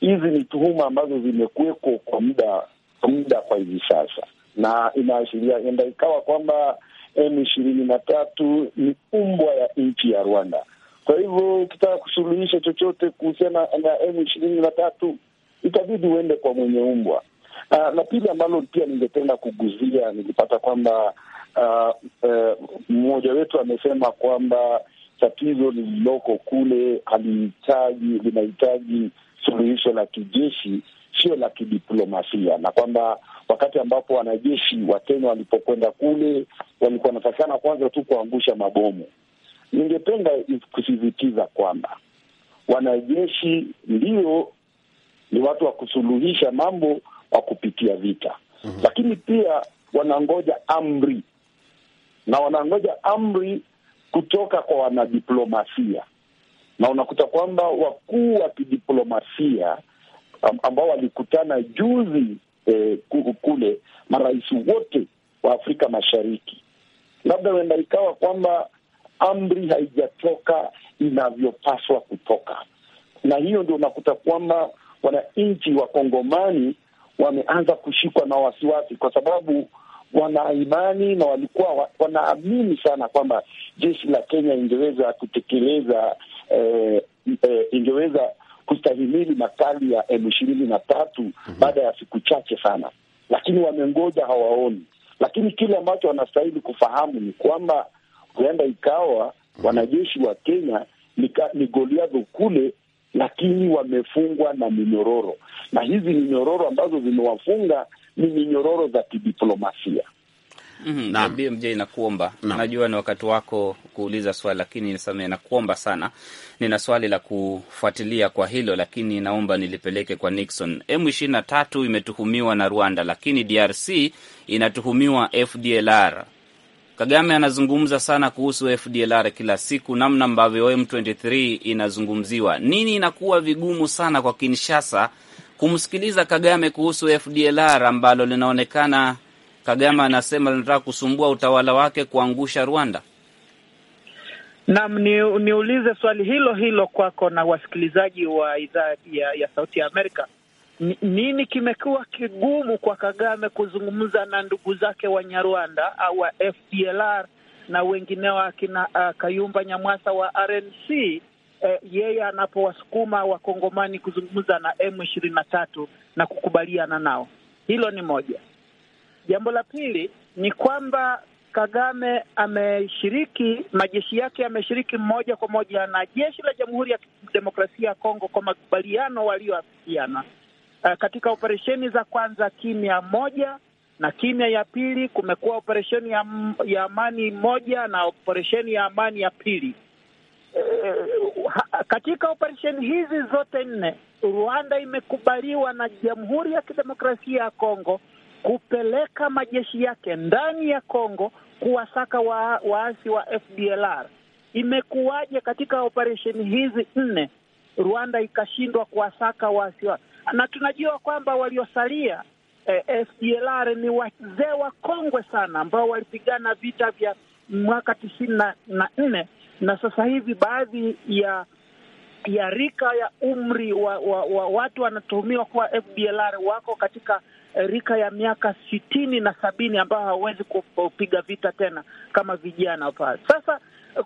hizi ni tuhuma ambazo zimekuwekwa kwa muda kwa muda kwa hivi sasa, na inaashiria enda ikawa kwamba M ishirini na tatu ni umbwa ya nchi ya Rwanda kwa hivyo ukitaka kusuluhisha chochote kuhusiana na M ishirini na tatu itabidi uende kwa mwenye umbwa. Uh, la pili ambalo pia ningependa kuguzia, nilipata kwamba ah, eh, mmoja uh, wetu amesema kwamba tatizo lililoko kule halihitaji linahitaji suluhisho la kijeshi, sio la kidiplomasia, na kwamba wakati ambapo wanajeshi wa Kenya walipokwenda kule walikuwa wanatakikana kwanza tu kuangusha mabomu Ningependa kusisitiza kwamba wanajeshi ndio ni watu wa kusuluhisha mambo wa kupitia vita mm -hmm. Lakini pia wanangoja amri na wanangoja amri kutoka kwa wanadiplomasia, na unakuta kwamba wakuu wa kidiplomasia ambao walikutana juzi eh, kule marais wote wa Afrika Mashariki, labda huenda ikawa kwamba amri haijatoka inavyopaswa kutoka, na hiyo ndio unakuta kwamba wananchi wa Kongomani wameanza kushikwa na wasiwasi, kwa sababu wanaimani na walikuwa wanaamini sana kwamba jeshi la Kenya ingeweza kutekeleza eh, eh, ingeweza kustahimili makali ya elfu ishirini na tatu mm -hmm. baada ya siku chache sana, lakini wamengoja hawaoni. Lakini kile ambacho wanastahili kufahamu ni kwamba huenda ikawa mhm. wanajeshi wa Kenya ni, ni kule, lakini wamefungwa na minyororo, na hizi minyororo ambazo zimewafunga ni minyororo za kidiplomasia. Mm mhm. BMJ nakuomba na. Najua ni wakati wako kuuliza swali, lakini nisamehe, nakuomba sana, nina swali la kufuatilia kwa hilo, lakini naomba nilipeleke kwa Nixon. M ishiri na tatu imetuhumiwa na Rwanda, lakini DRC inatuhumiwa FDLR Kagame anazungumza sana kuhusu FDLR kila siku, namna ambavyo M23 inazungumziwa nini, inakuwa vigumu sana kwa Kinshasa kumsikiliza Kagame kuhusu FDLR ambalo linaonekana Kagame anasema linataka kusumbua utawala wake kuangusha Rwanda. Naam, niulize swali hilo hilo kwako na wasikilizaji wa idhaa ya, ya Sauti ya Amerika nini kimekuwa kigumu kwa Kagame kuzungumza na ndugu zake wa Nyarwanda au wa FDLR na wengineo akina uh, Kayumba Nyamwasa wa RNC eh, yeye anapowasukuma wakongomani kuzungumza na M ishirini na tatu na kukubaliana nao. Hilo ni moja. Jambo la pili ni kwamba Kagame ameshiriki, majeshi yake yameshiriki moja kwa moja na jeshi la Jamhuri ya Kidemokrasia ya Kongo kwa makubaliano walioafikiana Eh, katika operesheni za kwanza kimya moja na kimya ya pili, kumekuwa operesheni ya, ya amani moja na operesheni ya amani ya pili. Uh, katika operesheni hizi zote nne Rwanda imekubaliwa na Jamhuri ya Kidemokrasia ya Kongo kupeleka majeshi yake ndani ya Kongo kuwasaka wa, waasi wa FDLR. Imekuwaje katika operesheni hizi nne Rwanda ikashindwa kuwasaka waasi wa na tunajua kwamba waliosalia eh, FDLR ni wazee wakongwe sana ambao walipigana vita vya mwaka tisini na nne na sasa hivi baadhi ya ya rika ya umri wa, wa, wa watu wanatuhumiwa kuwa FDLR wako katika rika ya miaka sitini na sabini ambao hawawezi kupiga vita tena kama vijana pale. Sasa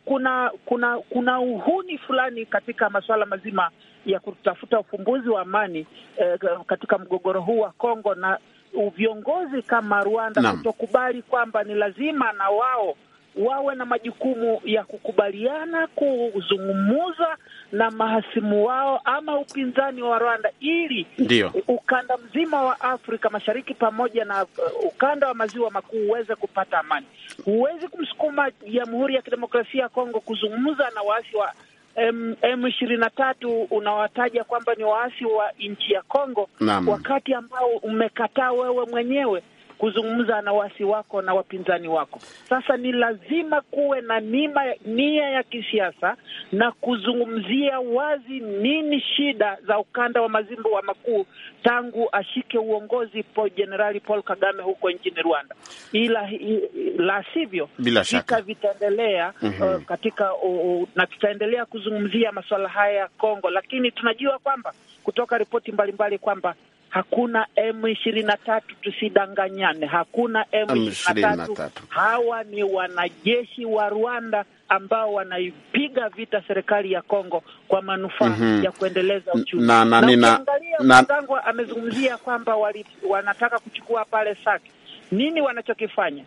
kuna kuna kuna uhuni fulani katika masuala mazima ya kutafuta ufumbuzi wa amani eh, katika mgogoro huu wa Kongo na viongozi kama Rwanda kutokubali kwamba ni lazima na wao wawe na majukumu ya kukubaliana kuzungumuza na mahasimu wao ama upinzani wa Rwanda ili Ndiyo. ukanda mzima wa Afrika Mashariki pamoja na uh, ukanda wa maziwa makuu uweze kupata amani. Huwezi kumsukuma Jamhuri ya, ya Kidemokrasia ya Kongo kuzungumza na waasi wa M ishirini na tatu unawataja kwamba ni waasi wa nchi ya Kongo wakati ambao umekataa wewe mwenyewe kuzungumza na wasi wako na wapinzani wako. Sasa ni lazima kuwe na nima, nia ya kisiasa na kuzungumzia wazi nini shida za ukanda wa wa makuu tangu ashike uongozi po Jenerali Paul Kagame huko nchini Rwanda, ila la sivyo vita vitaendelea mm -hmm. uh, mhm. katika uh, uh, na tutaendelea kuzungumzia masuala haya ya Kongo, lakini tunajua kwamba kutoka ripoti mbalimbali kwamba hakuna M ishirini na tatu, tusidanganyane, hakuna M ishirini na tatu. Hawa ni wanajeshi wa Rwanda ambao wanaipiga vita serikali ya Kongo kwa manufaa mm -hmm. ya kuendeleza uchumi na, na, na, na, amezungumzia kwamba wali, wanataka kuchukua pale Sake. Nini wanachokifanya?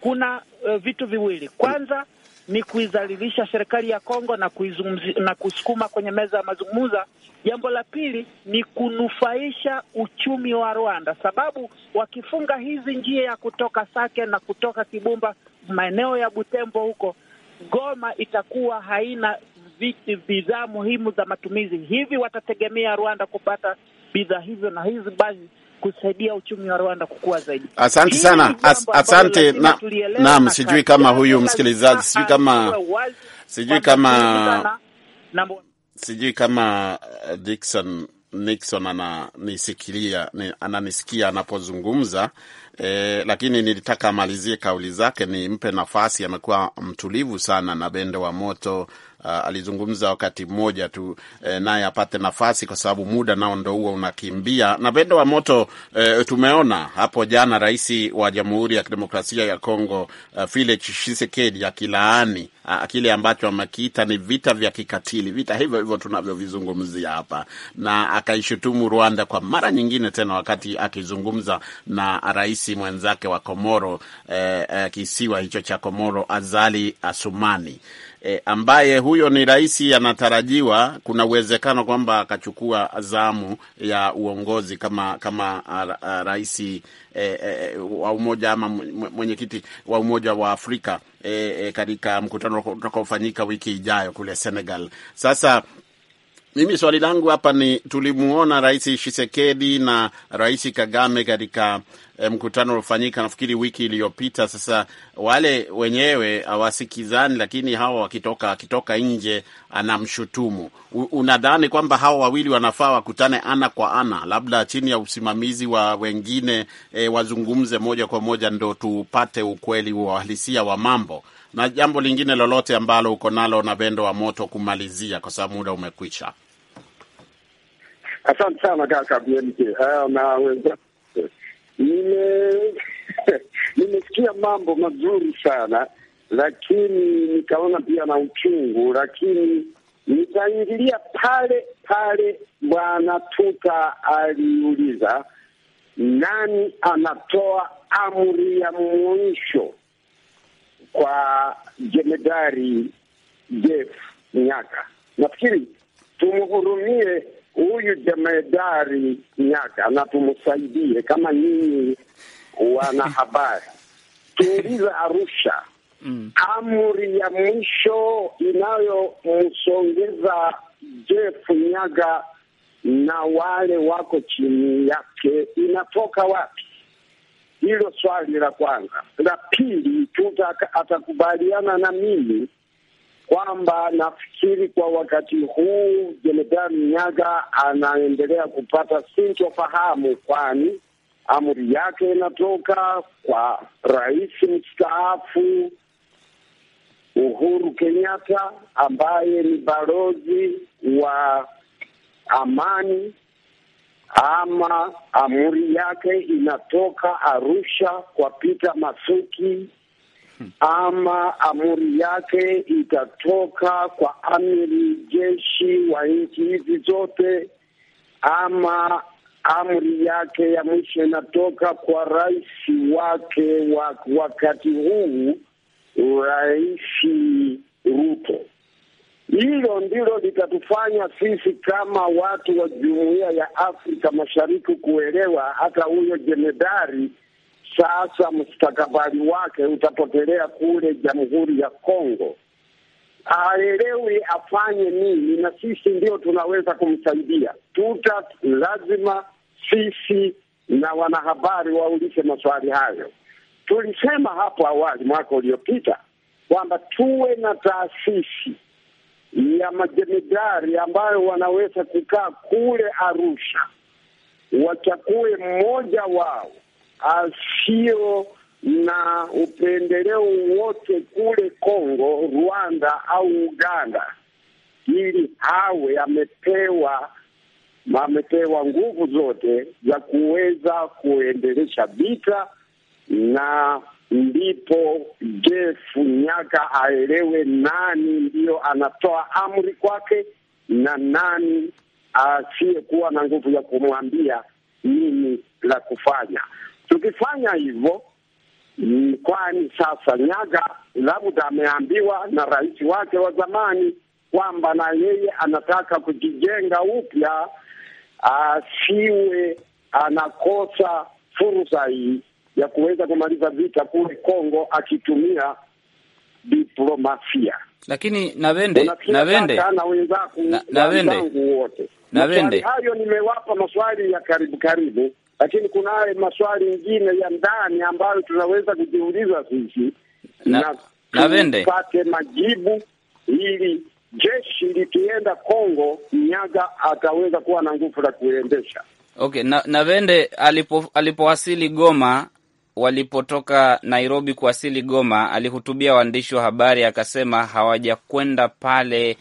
Kuna uh, vitu viwili, kwanza mm ni kuizalilisha serikali ya Kongo na kuizungumzi, na kusukuma kwenye meza ya mazungumza. Jambo la pili ni kunufaisha uchumi wa Rwanda, sababu wakifunga hizi njia ya kutoka Sake na kutoka Kibumba maeneo ya Butembo huko Goma itakuwa haina bidhaa muhimu za matumizi, hivi watategemea Rwanda kupata bidhaa hivyo, na hizi basi kusaidia uchumi wa Rwanda kukua zaidi. Asante sana, As, asante. na, Naam, sijui kama huyu uh, msikilizaji, sijui kama sijui kama sijui kama Dickson Nixon ananisikilia ananisikia anapozungumza eh, lakini nilitaka amalizie kauli zake, nimpe nafasi. Amekuwa mtulivu sana na Bende wa Moto uh, alizungumza wakati mmoja tu eh, naye apate nafasi, kwa sababu muda nao ndo huo unakimbia. Na Pendo wa Moto, eh, tumeona hapo jana rais wa Jamhuri ya Kidemokrasia ya Kongo uh, Felix Tshisekedi akilaani uh, kile ambacho amekiita ni vita vya kikatili, vita hivyo hivyo tunavyovizungumzia hapa, na akaishutumu Rwanda kwa mara nyingine tena, wakati akizungumza na rais mwenzake wa Komoro, eh, eh, kisiwa hicho cha Komoro Azali Asumani e, ambaye huyo ni rais anatarajiwa, kuna uwezekano kwamba akachukua zamu ya uongozi kama kama rais e, e, wa umoja ama mwenyekiti wa Umoja wa Afrika e, e, katika mkutano utakaofanyika wiki ijayo kule Senegal. Sasa mimi swali langu hapa ni tulimuona Rais Shisekedi na Rais Kagame katika eh, mkutano uliofanyika nafikiri wiki iliyopita. Sasa wale wenyewe hawasikizani, lakini hawa wakitoka wakitoka nje anamshutumu. Unadhani kwamba hawa wawili wanafaa wakutane ana kwa ana, labda chini ya usimamizi wa wengine e, wazungumze moja kwa moja, ndo tupate ukweli wa uhalisia wa mambo? Na jambo lingine lolote ambalo uko nalo na Pendo wa Moto kumalizia, kwa sababu muda umekwisha. Asante sana kaka BMK ah, na nimesikia mambo mazuri sana lakini nikaona pia na uchungu, lakini nitaingilia pale pale bwana Tuta aliuliza nani anatoa amri ya mwisho kwa jemedari Jeff Nyaka. Nafikiri tumhurumie huyu jemedari Nyaka na tumsaidie, kama nyinyi wanahabari, tuulize Arusha mm. amri ya mwisho inayomsongeza Jeff Nyaga na wale wako chini yake inatoka wapi? Hilo swali la kwanza. La pili, tuta atakubaliana na mimi kwamba nafikiri kwa wakati huu Jenerali Mnyaga anaendelea kupata sintofahamu, kwani amri yake inatoka kwa rais mstaafu Uhuru Kenyatta ambaye ni balozi wa amani, ama amri yake inatoka Arusha kwa Peter Masuki ama amri yake itatoka kwa amiri jeshi wa nchi hizi zote, ama amri yake ya mwisho inatoka kwa rais wake wa wakati huu, Rais Ruto. Hilo ndilo litatufanya sisi kama watu wa jumuiya ya Afrika Mashariki kuelewa hata huyo jemedari sasa mustakabali wake utapotelea kule Jamhuri ya Kongo. Haelewi afanye nini, na sisi ndio tunaweza kumsaidia. Tuta lazima sisi na wanahabari waulize maswali hayo. Tulisema hapo awali mwaka uliopita kwamba tuwe na taasisi ya majemadari ambayo wanaweza kukaa kule Arusha, wachakue mmoja wao asio na upendeleo wote kule Kongo, Rwanda au Uganda, ili awe amepewa amepewa nguvu zote za kuweza kuendelesha vita, na ndipo jefu Nyaka aelewe nani ndiyo anatoa amri kwake na nani asiyekuwa na nguvu ya kumwambia nini la kufanya. Tukifanya hivyo mm, kwani sasa Nyaga labda ameambiwa na rais wake wa zamani kwamba na yeye anataka kujijenga upya, asiwe anakosa fursa hii ya kuweza kumaliza vita kule Kongo akitumia diplomasia. Lakini Navende, Navende na wenzangu wote, hayo nimewapa maswali ya karibu karibu lakini kuna yale maswali mengine ya ndani ambayo tunaweza kujiuliza sisi na, na pate majibu ili jeshi likienda Kongo, Nyaga ataweza kuwa na nguvu la kuendesha. Okay, na na Vende alipo, alipowasili Goma, walipotoka Nairobi kuwasili Goma, alihutubia waandishi wa habari akasema hawajakwenda pale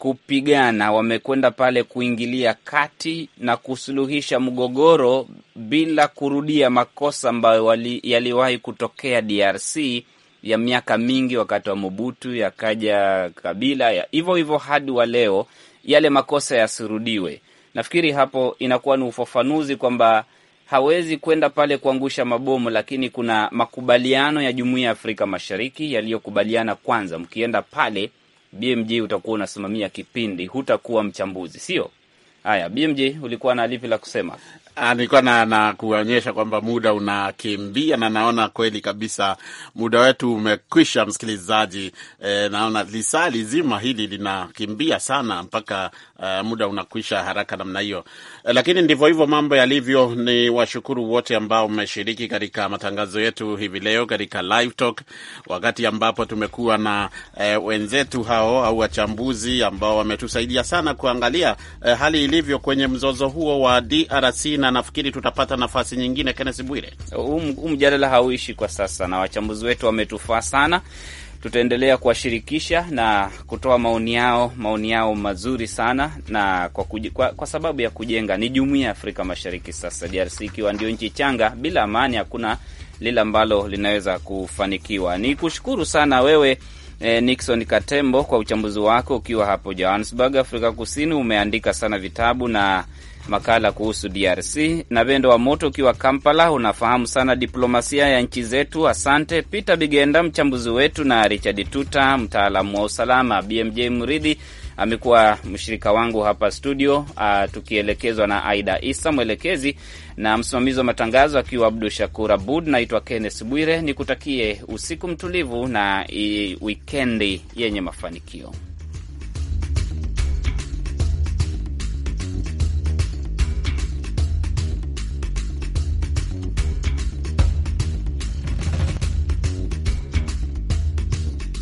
kupigana, wamekwenda pale kuingilia kati na kusuluhisha mgogoro bila kurudia makosa ambayo yaliwahi kutokea DRC ya miaka mingi, wakati wa Mobutu, yakaja Kabila, ya hivyo hivyo hadi wa leo, yale makosa yasirudiwe. Nafikiri hapo inakuwa ni ufafanuzi kwamba hawezi kwenda pale kuangusha mabomu, lakini kuna makubaliano ya Jumuiya ya Afrika Mashariki yaliyokubaliana, kwanza mkienda pale BMJ utakuwa unasimamia kipindi, hutakuwa mchambuzi, sio? Haya, BMJ ulikuwa na lipi la kusema? Ah, nilikuwa na, na kuonyesha kwamba muda unakimbia na naona kweli kabisa muda wetu umekwisha, msikilizaji. E, naona lisali zima hili linakimbia sana mpaka uh, muda unakwisha haraka namna hiyo, e, lakini ndivyo hivyo mambo yalivyo. Ni washukuru wote ambao mmeshiriki katika matangazo yetu hivi leo katika live talk, wakati ambapo tumekuwa na e, wenzetu hao au wachambuzi ambao wametusaidia sana kuangalia e, hali ilivyo kwenye mzozo huo wa DRC na na nafikiri tutapata nafasi nyingine. Kenneth Bwire, huu mjadala hauishi kwa sasa, na wachambuzi wetu wametufaa sana. Tutaendelea kuwashirikisha na kutoa maoni yao, maoni yao mazuri sana na kwa, kuj, kwa, kwa sababu ya kujenga ni jumuiya ya Afrika Mashariki. Sasa DRC ikiwa ndio nchi changa, bila amani hakuna lile ambalo linaweza kufanikiwa. Ni kushukuru sana wewe E, Nixon Katembo kwa uchambuzi wako ukiwa hapo Johannesburg, Afrika Kusini. Umeandika sana vitabu na makala kuhusu DRC na vendo wa Moto ukiwa Kampala. Unafahamu sana diplomasia ya nchi zetu. Asante Peter Bigenda, mchambuzi wetu, na Richard Tuta, mtaalamu wa usalama. BMJ Mridhi amekuwa mshirika wangu hapa studio, uh, tukielekezwa na Aida Isa mwelekezi na msimamizi wa matangazo akiwa Abdu Shakur Abud. Naitwa Kenneth Bwire, nikutakie usiku mtulivu na wikendi yenye mafanikio.